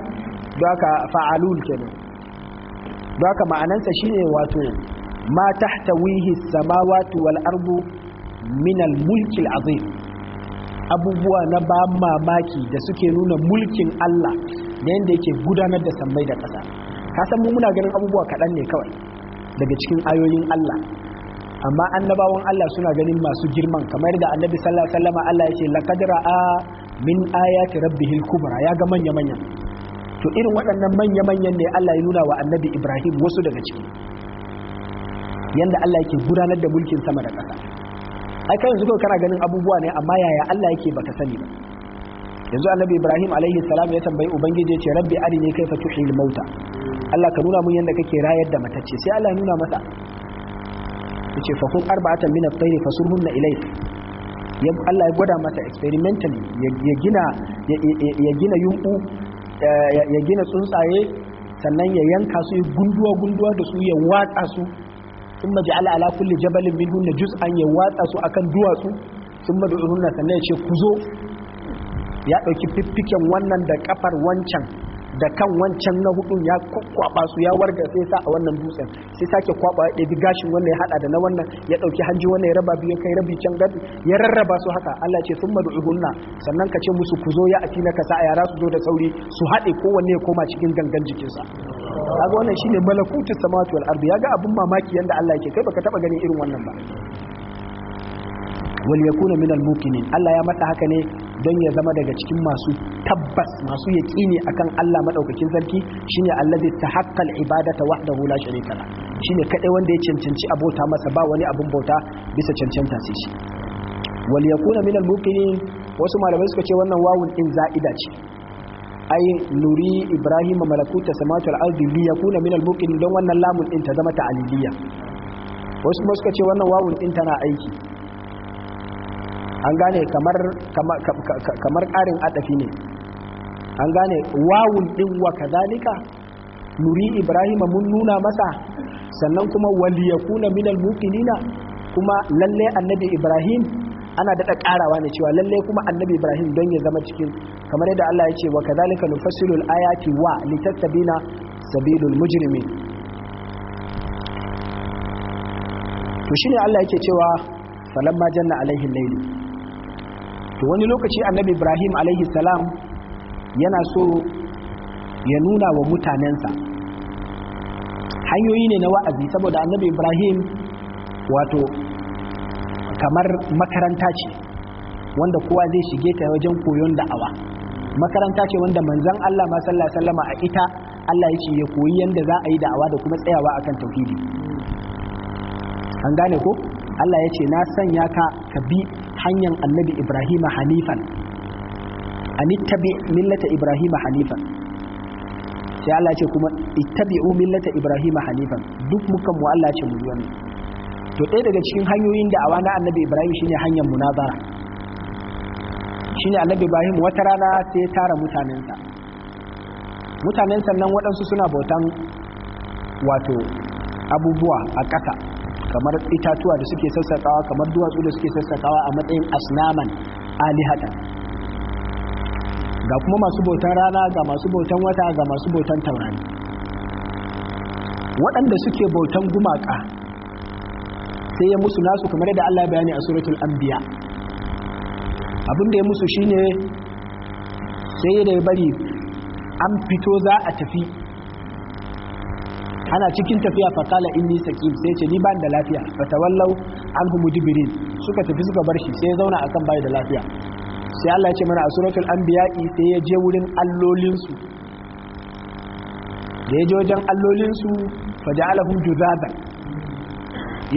don fa'alul kenan don ma'anansa shine wato ma tahtawihi samawati wal ardu min al mulki al azim abubuwa na ba mamaki da suke nuna mulkin Allah da yanda yake gudanar da sammai da ƙasa kasan san mu muna ganin abubuwa kaɗan ne kawai daga cikin ayoyin Allah amma annabawan Allah suna ganin masu girman kamar da annabi sallallahu alaihi wasallam Allah ya ce laqad ra'a min ayati rabbihil kubra ya ga manya manya to irin waɗannan manya manyan ne Allah ya nuna wa annabi Ibrahim wasu daga ciki yanda Allah yake gudanar da mulkin sama da ƙasa ai kai yanzu kana ganin abubuwa ne amma yaya Allah yake baka sani ba yanzu annabi Ibrahim alaihi salam ya tambayi ubangiji ya ce rabbi arini kaifa tuhil mauta Allah ka nuna mun yanda kake rayar da matacce sai Allah ya nuna masa yace fa kun arba'atan min al tayr fasurhunna ilayk Allah ya gwada mata experimentally ya gina ya gina yunku ya gina tsuntsaye sannan ya yanka su gunduwa gunduwa da su ya watsa su thumma ja'ala ala kulli jabalin minhunna juz'an ya watsa su akan duwatsu thumma du'uhunna sannan ya ce ku zo ya dauki fiffiken wannan da kafar wancan da kan wancan na hudun ya kwakwaba su ya warga sai sa a wannan dutsen sai sake kwakwa ya bi gashin wannan ya hada da na wannan ya dauki hanji wannan ya raba biyu kai rabi can gadi ya rarraba su haka Allah ce sun mad'uhunna sannan ka ce musu ku zo ya ati na kasa a yara su zo da sauri su haɗe kowanne ya koma cikin gangan jikinsa kaga wannan shine malakutus samawati wal ya ga abin mamaki yanda Allah yake kai baka taba ganin irin wannan ba wal yakuna minal mukinin Allah ya mata haka ne don ya zama daga cikin masu tabbas masu ne akan Allah madaukakin sarki shine ta tahaqqal ibadata wahdahu ne sharika Shi ne kaɗai wanda ya cancanci abota masa ba wani abin bauta bisa cancanta sai shi wal yakuna min al wasu malamai suka ce wannan wawun din za'ida ce ai nuri ibrahim malakuta samatu al-ardi li yakuna min al don wannan lamun din ta zama ta ta'aliliya wasu kuma suka ce wannan wawun din tana aiki an gane kamar kamar ƙarin adafi ne an gane wawun din wa kadhalika nuri ibrahima mun nuna masa sannan kuma waliyakuna minal muqinina kuma lalle annabi ibrahim ana daɗa ƙarawa ne cewa lalle kuma annabi ibrahim don ya zama cikin kamar yadda allah ya ce wa kadhalika nufassilul ayati wa litattabina sabilul mujrimin to shine allah yake cewa falamma janna alaihi layli to wani lokaci annabi ibrahim alaihi salam yana so ya nuna wa mutanensa hanyoyi ne na wa'azi saboda annabi ibrahim wato kamar makaranta ce wanda kowa zai shige ta wajen koyon da'awa makaranta ce wanda manzan allah ma sallallahu sallama a ita allah ya ce ya koyi yadda za a yi da'awa da kuma tsayawa akan tauhidi an gane ko allah ya ce na sanya ka ka bi hanyar annabi Ibrahim hanifan an ittabi millata Ibrahim hanifan sai Allah ce kuma ittabi'u millata Ibrahim hanifan duk mukan mu Allah ce mu yi wannan to ɗaya daga cikin hanyoyin da awana annabi Ibrahim shine hanyar munazara shine annabi Ibrahim wata rana sai ya tara mutanensa Mutanensa nan waɗansu suna bautan wato abubuwa a ƙasa kamar itatuwa da suke sassakawa kamar duwatsu da suke sassakawa a matsayin asnaman Alihata, ga kuma masu bautan rana ga masu bautan wata ga masu bautan taurari waɗanda suke bautan gumaka sai ya musu nasu kamar yadda Allah bayani a suratul anbiya abin da ya musu shine sai da ya bari an fito za a tafi ana cikin tafiya faƙala inni sakim sai ce ni ban da lafiya fatawallau an humu mujibirin suka tafi suka bar shi sai ya zauna akan bai da lafiya sai Allah ya ce mana a suratul anbiya'i sai ya je wurin allolinsu da ya je wajen allolinsu faja'alahum juzadan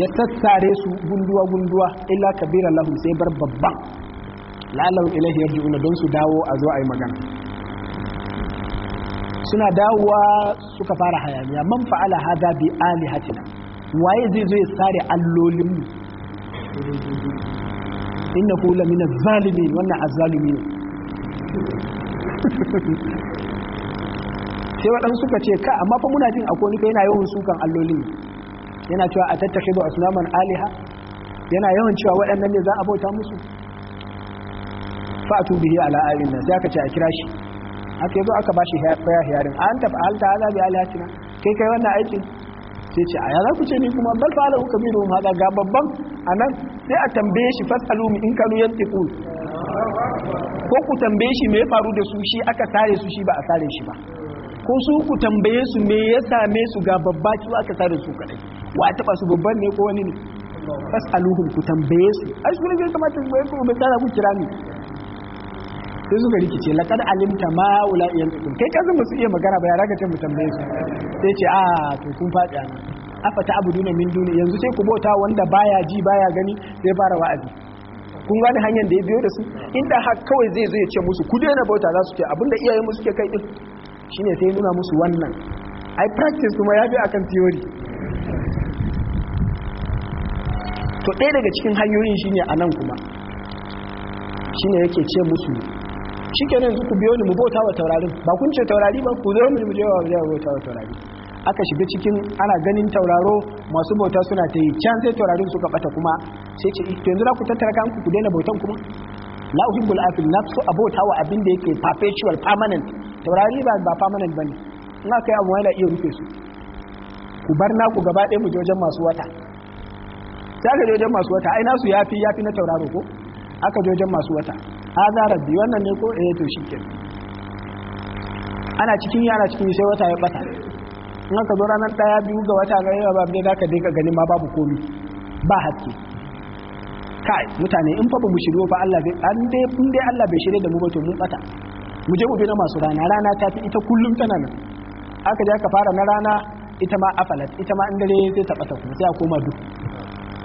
ya tattare su gunduwa gunduwa illa kabira lahum sai bar babban la'allahum ilaihi yarji'un don su dawo a zo a yi magana suna dawowa suka fara hayaniya man fa'ala hadha bi alihatina waye zai zo ya sare allolin mu min az zalimin wannan azzalimin sai wadan suka ce ka amma fa muna jin akwai ni yana yawan sukan allolin yana cewa a naman asnaman aliha yana yawan cewa waɗannan ne za a bauta musu fa'atu bihi ala ayin sai aka ce a kira shi aka zo aka bashi fair hearing an tafi hal ta hada bi alihatina kai kai wannan aikin sai ce a yaza ku ce ni kuma bal fa'ala uka bi ruhum hada ga babban anan sai a tambaye shi fasalu mu in kanu ku ko ku tambaye shi me ya faru da su shi aka sare su shi ba a sare shi ba ko su ku tambaye su me ya same su ga babba ciwo aka sare su kadai wa taba su babban ne ko wani ne fasaluhum ku tambaye su ai su ne kamata ku bayyana ku kira ni sai suka rikice laƙar alimta ma iya yantiqun kai kazan ba iya magana ba ya raga can mu tambaye su sai ce ah, a to kun faɗi nan. afa ta duna min duni yanzu sai ku bauta wanda baya ji baya gani sai fara wa'azi kun gani hanyar da ya biyo da su inda har kawai zai zai ce musu ku daina bauta za su ce abinda iyayen mu suke kai din shine sai nuna musu wannan ai practice kuma ya bi akan theory to ɗaya daga cikin hanyoyin shine nan kuma shine yake ce musu shikenan ku biyo ni mu bauta wa taurarin ba kun ce taurari ba ku zo mu je wa mu bauta wa taurari aka shiga cikin ana ganin tauraro masu bauta suna ta yi can sai taurarin suka bata kuma sai ce eh, to yanzu za ku tattara kanku ku daina bautan kuma la uhibbul afil na so abota wa abin da yake perpetual permanent taurari ba ba permanent bane in aka yi abu yana iya rufe su ku bar na ku gaba ɗaya mu je wajen masu wata sai aka je wajen masu wata ai nasu yafi yafi na tauraro ko aka je wajen masu wata hada rabbi wannan ne ko eh to shike ana cikin yana cikin sai wata ya bata in ka zo ranar daya biyu ga wata ga yawa babu da ka dai ka gani ma babu komi ba haske kai mutane in fa ba mu shiryo ba Allah bai an dai in dai Allah bai shirye da mu ba to mu bata mu je mu bi na masu rana rana ta fi ita kullum tana nan aka je aka fara na rana ita ma afalat ita ma in dare sai ta bata kuma sai a koma duk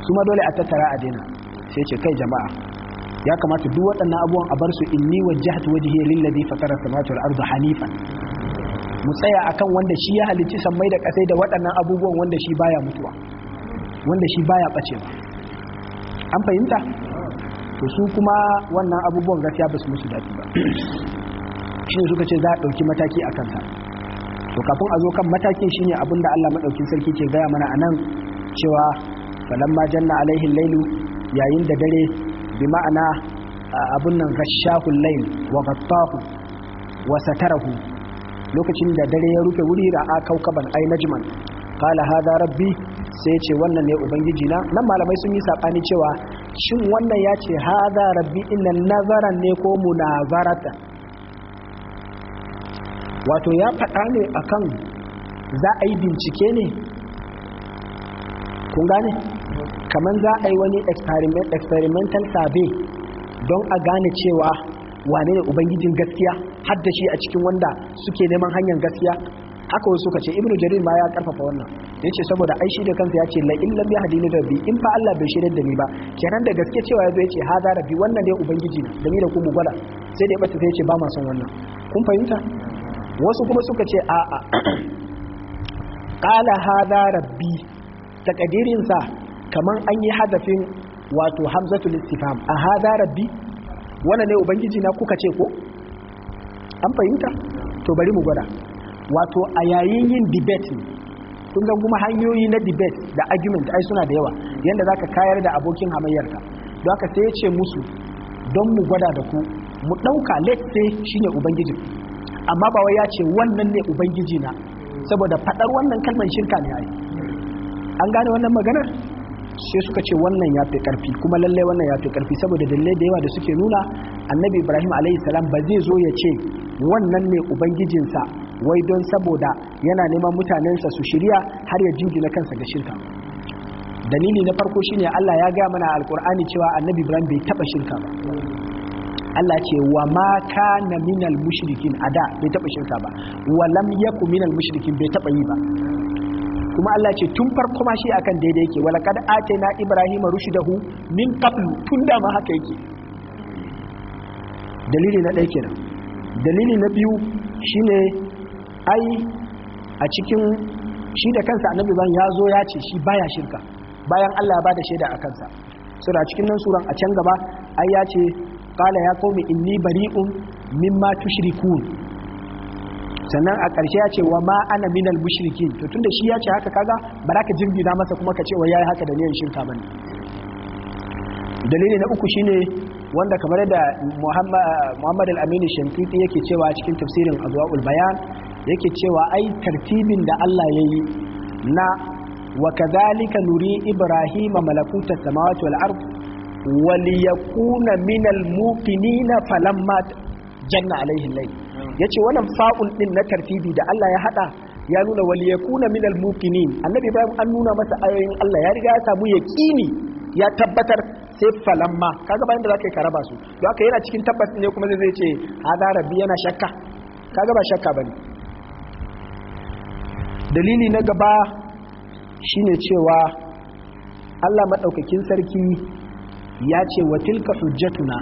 su ma dole a tattara a daina sai ce kai jama'a ya kamata duk waɗannan abubuwan a bar su inni wajjahtu wajhiya lillazi fatara samawati wal arda hanifan mu tsaya akan wanda shi ya halicci sammai da kasai da waɗannan abubuwan wanda shi baya mutuwa wanda shi baya bacewa an fahimta to su kuma wannan abubuwan gaskiya ba su musu daɗi ba shi suka ce za a ɗauki mataki a sa? to kafin a zo kan matakin shine ne abinda Allah maɗaukin sarki ke gaya mana a nan cewa falamma janna alaihin lailu yayin da dare bi ma'ana abin nan gashahul layl wa ghattahu wa satarahu lokacin da dare ya rufe wuri da a kaukaban ai najman Kala hada rabbi sai ce wannan ne ubangiji na nan malamai sun yi sabani cewa shin wannan ya ce hada rabbi innan nazaran ne ko munazarata wato ya faɗa ne akan za a yi bincike ne kun gane kamar za a yi wani experimental survey don a gane cewa wane ne ubangijin gaskiya hadda shi a cikin wanda suke neman hanyar gaskiya haka wasu suka ce ibnu jarir ma ya karfafa wannan Ya ce saboda aishi da kansa ya ce, la in lam da rabbi in fa Allah bai shirin da ni ba kenan da gaske cewa yazo ha zara bi wannan ne ubangiji na da ni da ku mu gwada sai da ya bata sai ce ba ma son wannan kun fahimta wasu kuma suka ce a a qala hada rabbi takadirin sa kamar an yi hadafin wato hamzatu listifam a hada rabbi wane ne ubangiji na kuka ce ko an fahimta to bari mu gwada wato a yayin yin debate kun ga kuma hanyoyi na debate da argument ai suna da yawa yanda zaka kayar da abokin hamayyarka don haka sai ya ce musu don mu gwada da ku mu ɗauka let's say shine ubangiji amma ba wai ya ce wannan ne ubangiji na saboda faɗar wannan kalmar shirka ne ai an gane wannan maganar sai suka ce wannan ya fi karfi kuma lallai wannan ya fi karfi saboda dalilai da yawa da suke nuna annabi ibrahim alaihi ba zai zo ya ce wannan ne ubangijinsa wai don saboda yana neman mutanensa su shirya har ya jingina kansa ga shirka dalili na farko shine Allah ya gaya mana alkur'ani cewa annabi ibrahim bai taba shirka ba Allah ce wa ma kana minal mushrikin ada bai taba shirka ba wa lam yaku minal mushrikin bai taba yi ba kuma Allah ce tun farko ma shi akan daidai yake wala kad atayna ibrahima rushdahu min qablu tun da ma haka yake dalili na ɗaya kenan dalili na biyu shine ai a cikin shi da kansa annabi ban ya zo ya ce shi baya shirka bayan Allah ya bada shaida a kansa sura cikin nan suran a can gaba ai ya ce qala ya qaumi inni bari'un mimma tushrikun sannan a ƙarshe ya ce wa ma ana minal mushrikin to tunda shi ya ce haka kaza, ba za ka jirgina masa kuma ka ce wa yayi haka da niyan shirka bane dalili na uku shine wanda kamar da Muhammad al-Amin Shantiti yake cewa cikin tafsirin Adwaul Bayan yake cewa ai tartibin da Allah yayi na wa kadhalika nuri Ibrahim malakuta samawati wal ard wa liyakuna minal muqinin falamma janna a al-layl Ya ce wannan fa'un ɗin na tartibi da Allah ya haɗa ya nuna wali ya min minal muqinin annabi bayan an nuna masa ayoyin Allah ya riga ya samu kini ya tabbatar sai falamma kaga bayan da zaka yi karaba su don haka yana cikin tabbas ne kuma zai ce hada rabbi yana shakka kaga ba shakka bane dalili na gaba shine cewa Allah madaukakin sarki ya ce wa tilka hujjatuna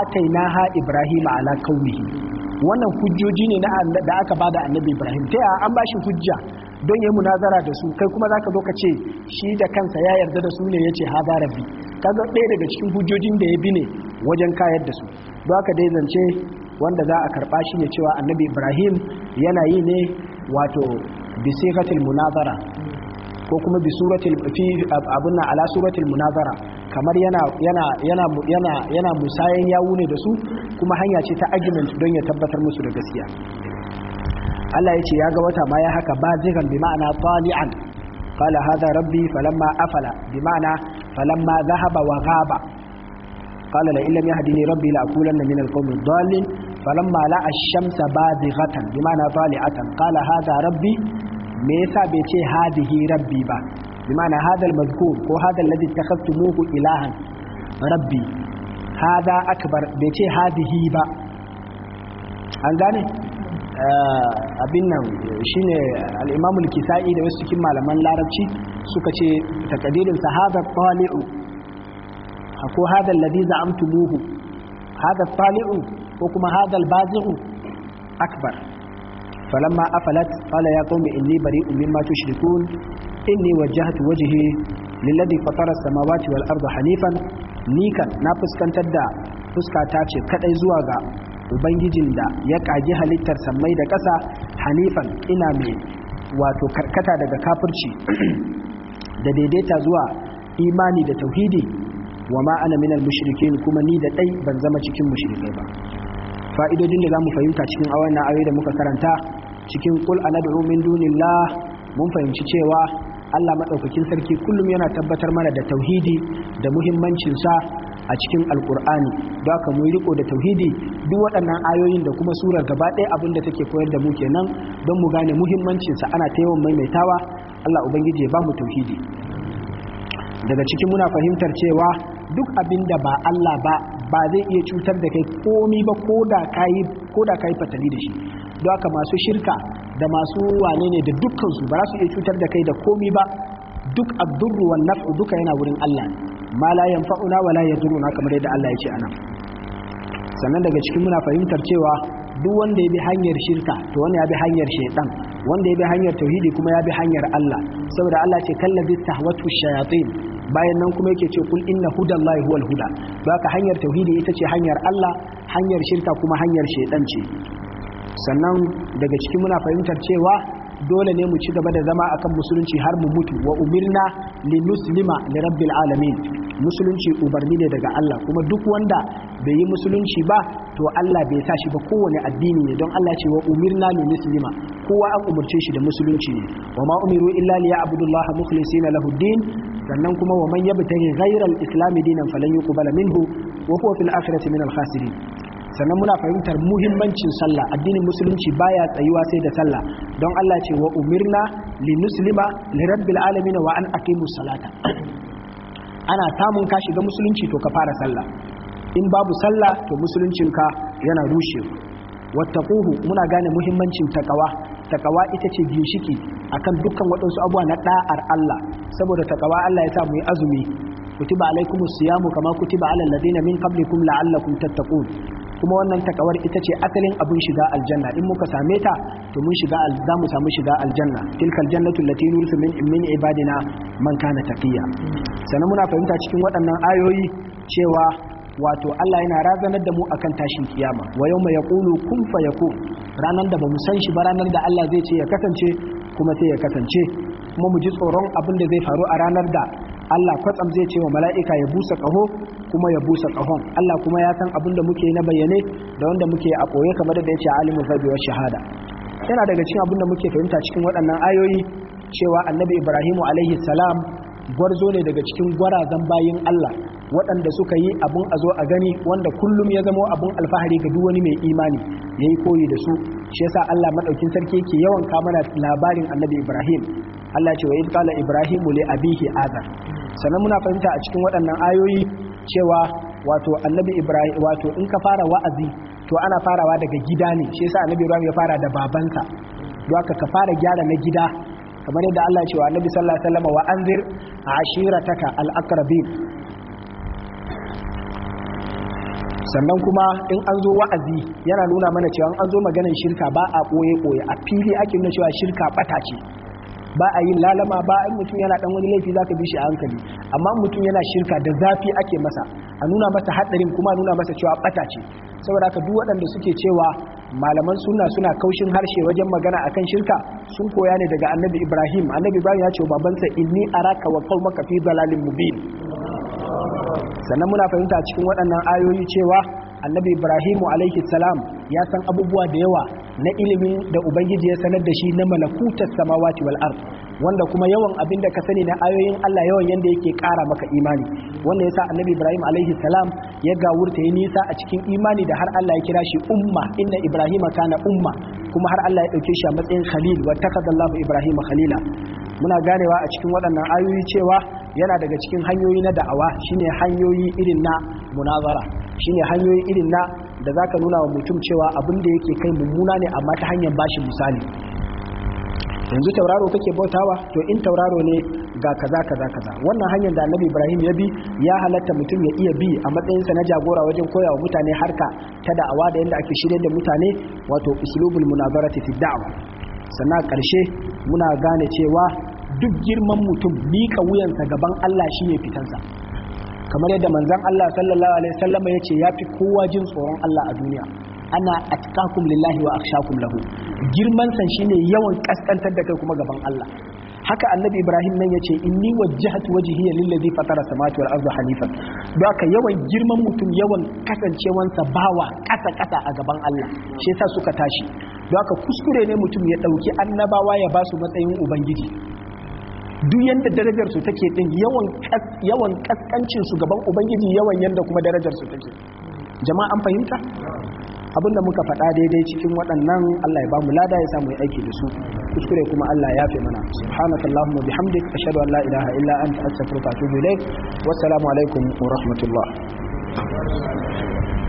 atainaha ibrahima ala qaumihi wannan hujjoji ne da aka bada annabi ibrahim ta yaya an shi hujja don ya munazara da su kai kuma zaka zo ka ce shi da kansa ya yarda da su ne ya yace ha ba rabbi kaga ɗaya daga cikin hujjojin da ya bi ne wajen kayar da su don haka dai zance wanda za a karɓa shi ne cewa annabi ibrahim yana yi ne wato sifatil munazara ko kuma bi suratul fi abun ala suratul munazara kamar yana yana yana yana yana musayan yawu ne da su kuma hanya ce ta argument don ya tabbatar musu da gaskiya Allah ya ce ya ga wata ma ya haka ba bazigan bi ma'ana tali'an Kala hadha rabbi falamma afala bi ma'ana falamma zahaba wa ghaba qala la illam yahdini rabbi la akulanna min al-qawmi ad-dallin falamma la ash-shamsa bazighatan bi ma'ana tali'atan Kala hadha rabbi me yasa bai ce hadihi rabbi ba bi ma'ana hadal al-mazkur ko hadha alladhi ittakhadtumuhu ilahan rabbi hada akbar bai ce hadihi ba an gane eh, abin nan shine al-imamul kisa'i da wasu cikin malaman larabci suka ce takadirinsa hada tali'u ko hada alladhi za'amtumuhu hada ko kuma hada baziu akbar falamma afalat qala ya qaumi inni bari'un mimma tushrikun inni wajjahtu wajihi lilladhi fatara as-samawati wal arda hanifan ni na fuskantar da fuska ta ce kadai zuwa ga ubangijin da ya kage halittar sammai da kasa hanifan ina mai wato karkata daga kafirci da daidaita zuwa imani da tauhidi wa ma ana minal mushrikin kuma ni da dai ban zama cikin mushrikai ba fa'idodin da zamu fahimta cikin na ayoyi da muka karanta cikin qul anad'u min dunillah mun fahimci cewa Allah maɗaukakin sarki kullum yana tabbatar mana da tauhidi da muhimmancinsa a cikin Alƙur'ani. da ka mu riko da tauhidi duk waɗannan ayoyin da kuma surar gaba ɗaya abin da take koyar da mu kenan don mu gane muhimmancin sa ana ta yawan maimaitawa Allah ubangiji ya ba mu tauhidi daga cikin muna fahimtar cewa duk abin da ba Allah ba ba zai iya cutar da kai komi ba ko da kayi fatali da shi don haka masu shirka da masu wane ne da dukkansu ba za su iya cutar da kai da komi ba duk abdurru wan naf'u duka yana wurin Allah ma la yanfa'una wala yadurruna kamar yadda Allah ya ce anan sannan daga cikin muna fahimtar cewa duk wanda ya bi hanyar shirka to wani ya bi hanyar shaitan wanda ya bi hanyar tauhidi kuma ya bi hanyar Allah saboda Allah ce kalla kallabi tahwatu shayatin bayan nan kuma yake ce kul inna hudallahi huwal huda baka hanyar tauhidi ita ce hanyar Allah hanyar shirka kuma hanyar shaitan ce sannan daga cikin muna fahimtar cewa dole ne mu ci gaba da zama akan musulunci har mu mutu wa umirna li muslima li rabbil alamin musulunci ubarni ne daga Allah kuma duk wanda bai yi musulunci ba to Allah bai sa shi ba kowane addini ne don Allah ce wa umirna li muslima kowa an umurce shi da musulunci ne wa ma umiru illa li ya'budullaha mukhlisina lahu din sannan kuma wa man yabtaghi ghayra al-islam dinan falan yuqbala minhu wa huwa fil akhirati min al-khasirin sannan muna fahimtar muhimmancin sallah addinin musulunci baya tsayuwa sai da sallah don Allah ce wa umirna li muslima li rabbil alamin wa an aqimu salata ana samun ka shiga musulunci to ka fara sallah in babu sallah to musuluncin ka yana Wata wattaquhu muna gane muhimmancin takawa takawa ita ce ginshiki akan dukkan waɗansu abuwa na ɗa'ar Allah saboda takawa Allah ya sa mu yi azumi kutiba alaikumus siyamu kama kutiba alal ladina min qablikum la'allakum tattaqun kuma wannan takawar ita ce asalin abin shiga aljanna in muka same ta to mun shiga za mu samu shiga aljanna tilkal jannatu lati nurisu min min ibadina man kana taqiya sannan muna fahimta cikin waɗannan ayoyi cewa wato Allah yana razanar da mu akan tashin kiyama wa yawma yaqulu kun fayakun ranar da bamu san shi ba ranar da Allah zai ce ya kasance kuma sai ya kasance kuma mu ji tsoron abin da zai faru a ranar da Allah kwatsam zai ce wa mala'ika ya busa kaho kuma ya busa kahon Allah kuma ya san abin da muke na bayyane da wanda muke a koye kamar da ya ce alimin wa shahada yana daga cikin abin da muke fahimta cikin waɗannan ayoyi cewa annabi ibrahimu alaihi salam gwarzo ne daga cikin gwarazan bayin Allah waɗanda suka yi abin a zo a gani wanda kullum ya zama abin alfahari ga duk wani mai imani ya yi koyi da su shi yasa Allah maɗaukin sarki yake yawan kamana labarin annabi Ibrahim Allah ce wa yi ibrahimu Ibrahim li abihi azar sannan muna fahimta a cikin waɗannan ayoyi cewa wato annabi ibrahim wato in ka fara wa'azi to ana farawa daga gida ne shi yasa annabi ibrahim ya fara da babansa don ka fara gyara na gida kamar yadda Allah ya ce wa annabi sallallahu alaihi wasallam wa anzir ashirataka al-aqrabin sannan kuma in an zo wa'azi yana nuna mana cewa an zo maganar shirka ba a ɓoye-ɓoye a fili ake nuna cewa shirka ɓata ce ba a yin lalama ba in mutum yana ɗan wani laifi zaka bi shi a hankali amma mutum yana shirka da zafi ake masa a nuna masa hadarin kuma nuna masa cewa ɓata ce saboda haka duk waɗanda suke cewa malaman suna suna kaushin harshe wajen magana akan shirka sun koya ne daga annabi ibrahim annabi ibrahim ya ce babansa inni araka wa qaumaka fi dalalin mubin sannan muna fahimta cikin waɗannan ayoyi cewa annabi ibrahimu alaihi salam ya san abubuwa da yawa na ilimin da ubangiji ya sanar da shi na malakutar samawati wal ard wanda kuma yawan abin da ka sani na ayoyin Allah yawan yanda yake ƙara maka imani wanda yasa annabi ibrahim alaihi salam ya gawurta ya nisa a cikin imani da har Allah ya kira shi umma inna ibrahima kana umma kuma har Allah ya dauke shi a matsayin khalil wa takadallahu ibrahima khalila muna ganewa a cikin waɗannan ayoyi cewa yana daga cikin hanyoyi na da'awa shine hanyoyi irin na munazara shine hanyoyi irin na da zaka nuna wa mutum cewa abin da yake kai mummuna ne amma ta hanyar bashi misali yanzu tauraro kake bautawa to in tauraro ne ga kaza kaza kaza wannan hanyar da annabi ibrahim ya bi ya halatta mutum ya iya bi a matsayinsa na jagora wajen koya wa mutane harka ta da'awa da yadda ake shirya da mutane wato uslubul ta fi da'wa sannan karshe muna gane cewa duk girman mutum mika wuyansa gaban Allah shine fitansa kamar yadda manzan Allah sallallahu alaihi wasallam ya ce yafi kowa jin tsoron Allah a duniya ana atqakum lillahi wa akhshakum lahu girman san shine yawan kaskantar da kai kuma gaban Allah haka annabi ibrahim nan yace inni wajjahtu wajhiya lillazi fatara samawati wal arda hanifan haka yawan girman mutum yawan kasancewansa bawa kasa kasa a gaban Allah shi yasa suka tashi haka kuskure ne mutum ya dauki annabawa ya basu matsayin ubangiji duk yadda darajarsu take din yawan ƙasƙancin kaskancin su gaban ubangiji yawan yanda kuma darajarsu su take jama'a an fahimta abinda muka faɗa daidai cikin waɗannan Allah ya bamu lada ya samu aiki da su kuskure kuma Allah ya fi mana subhanakallahumma bihamdik ashhadu an la ilaha illa anta astaghfiruka wa atubu ilaik wassalamu alaikum wa rahmatullah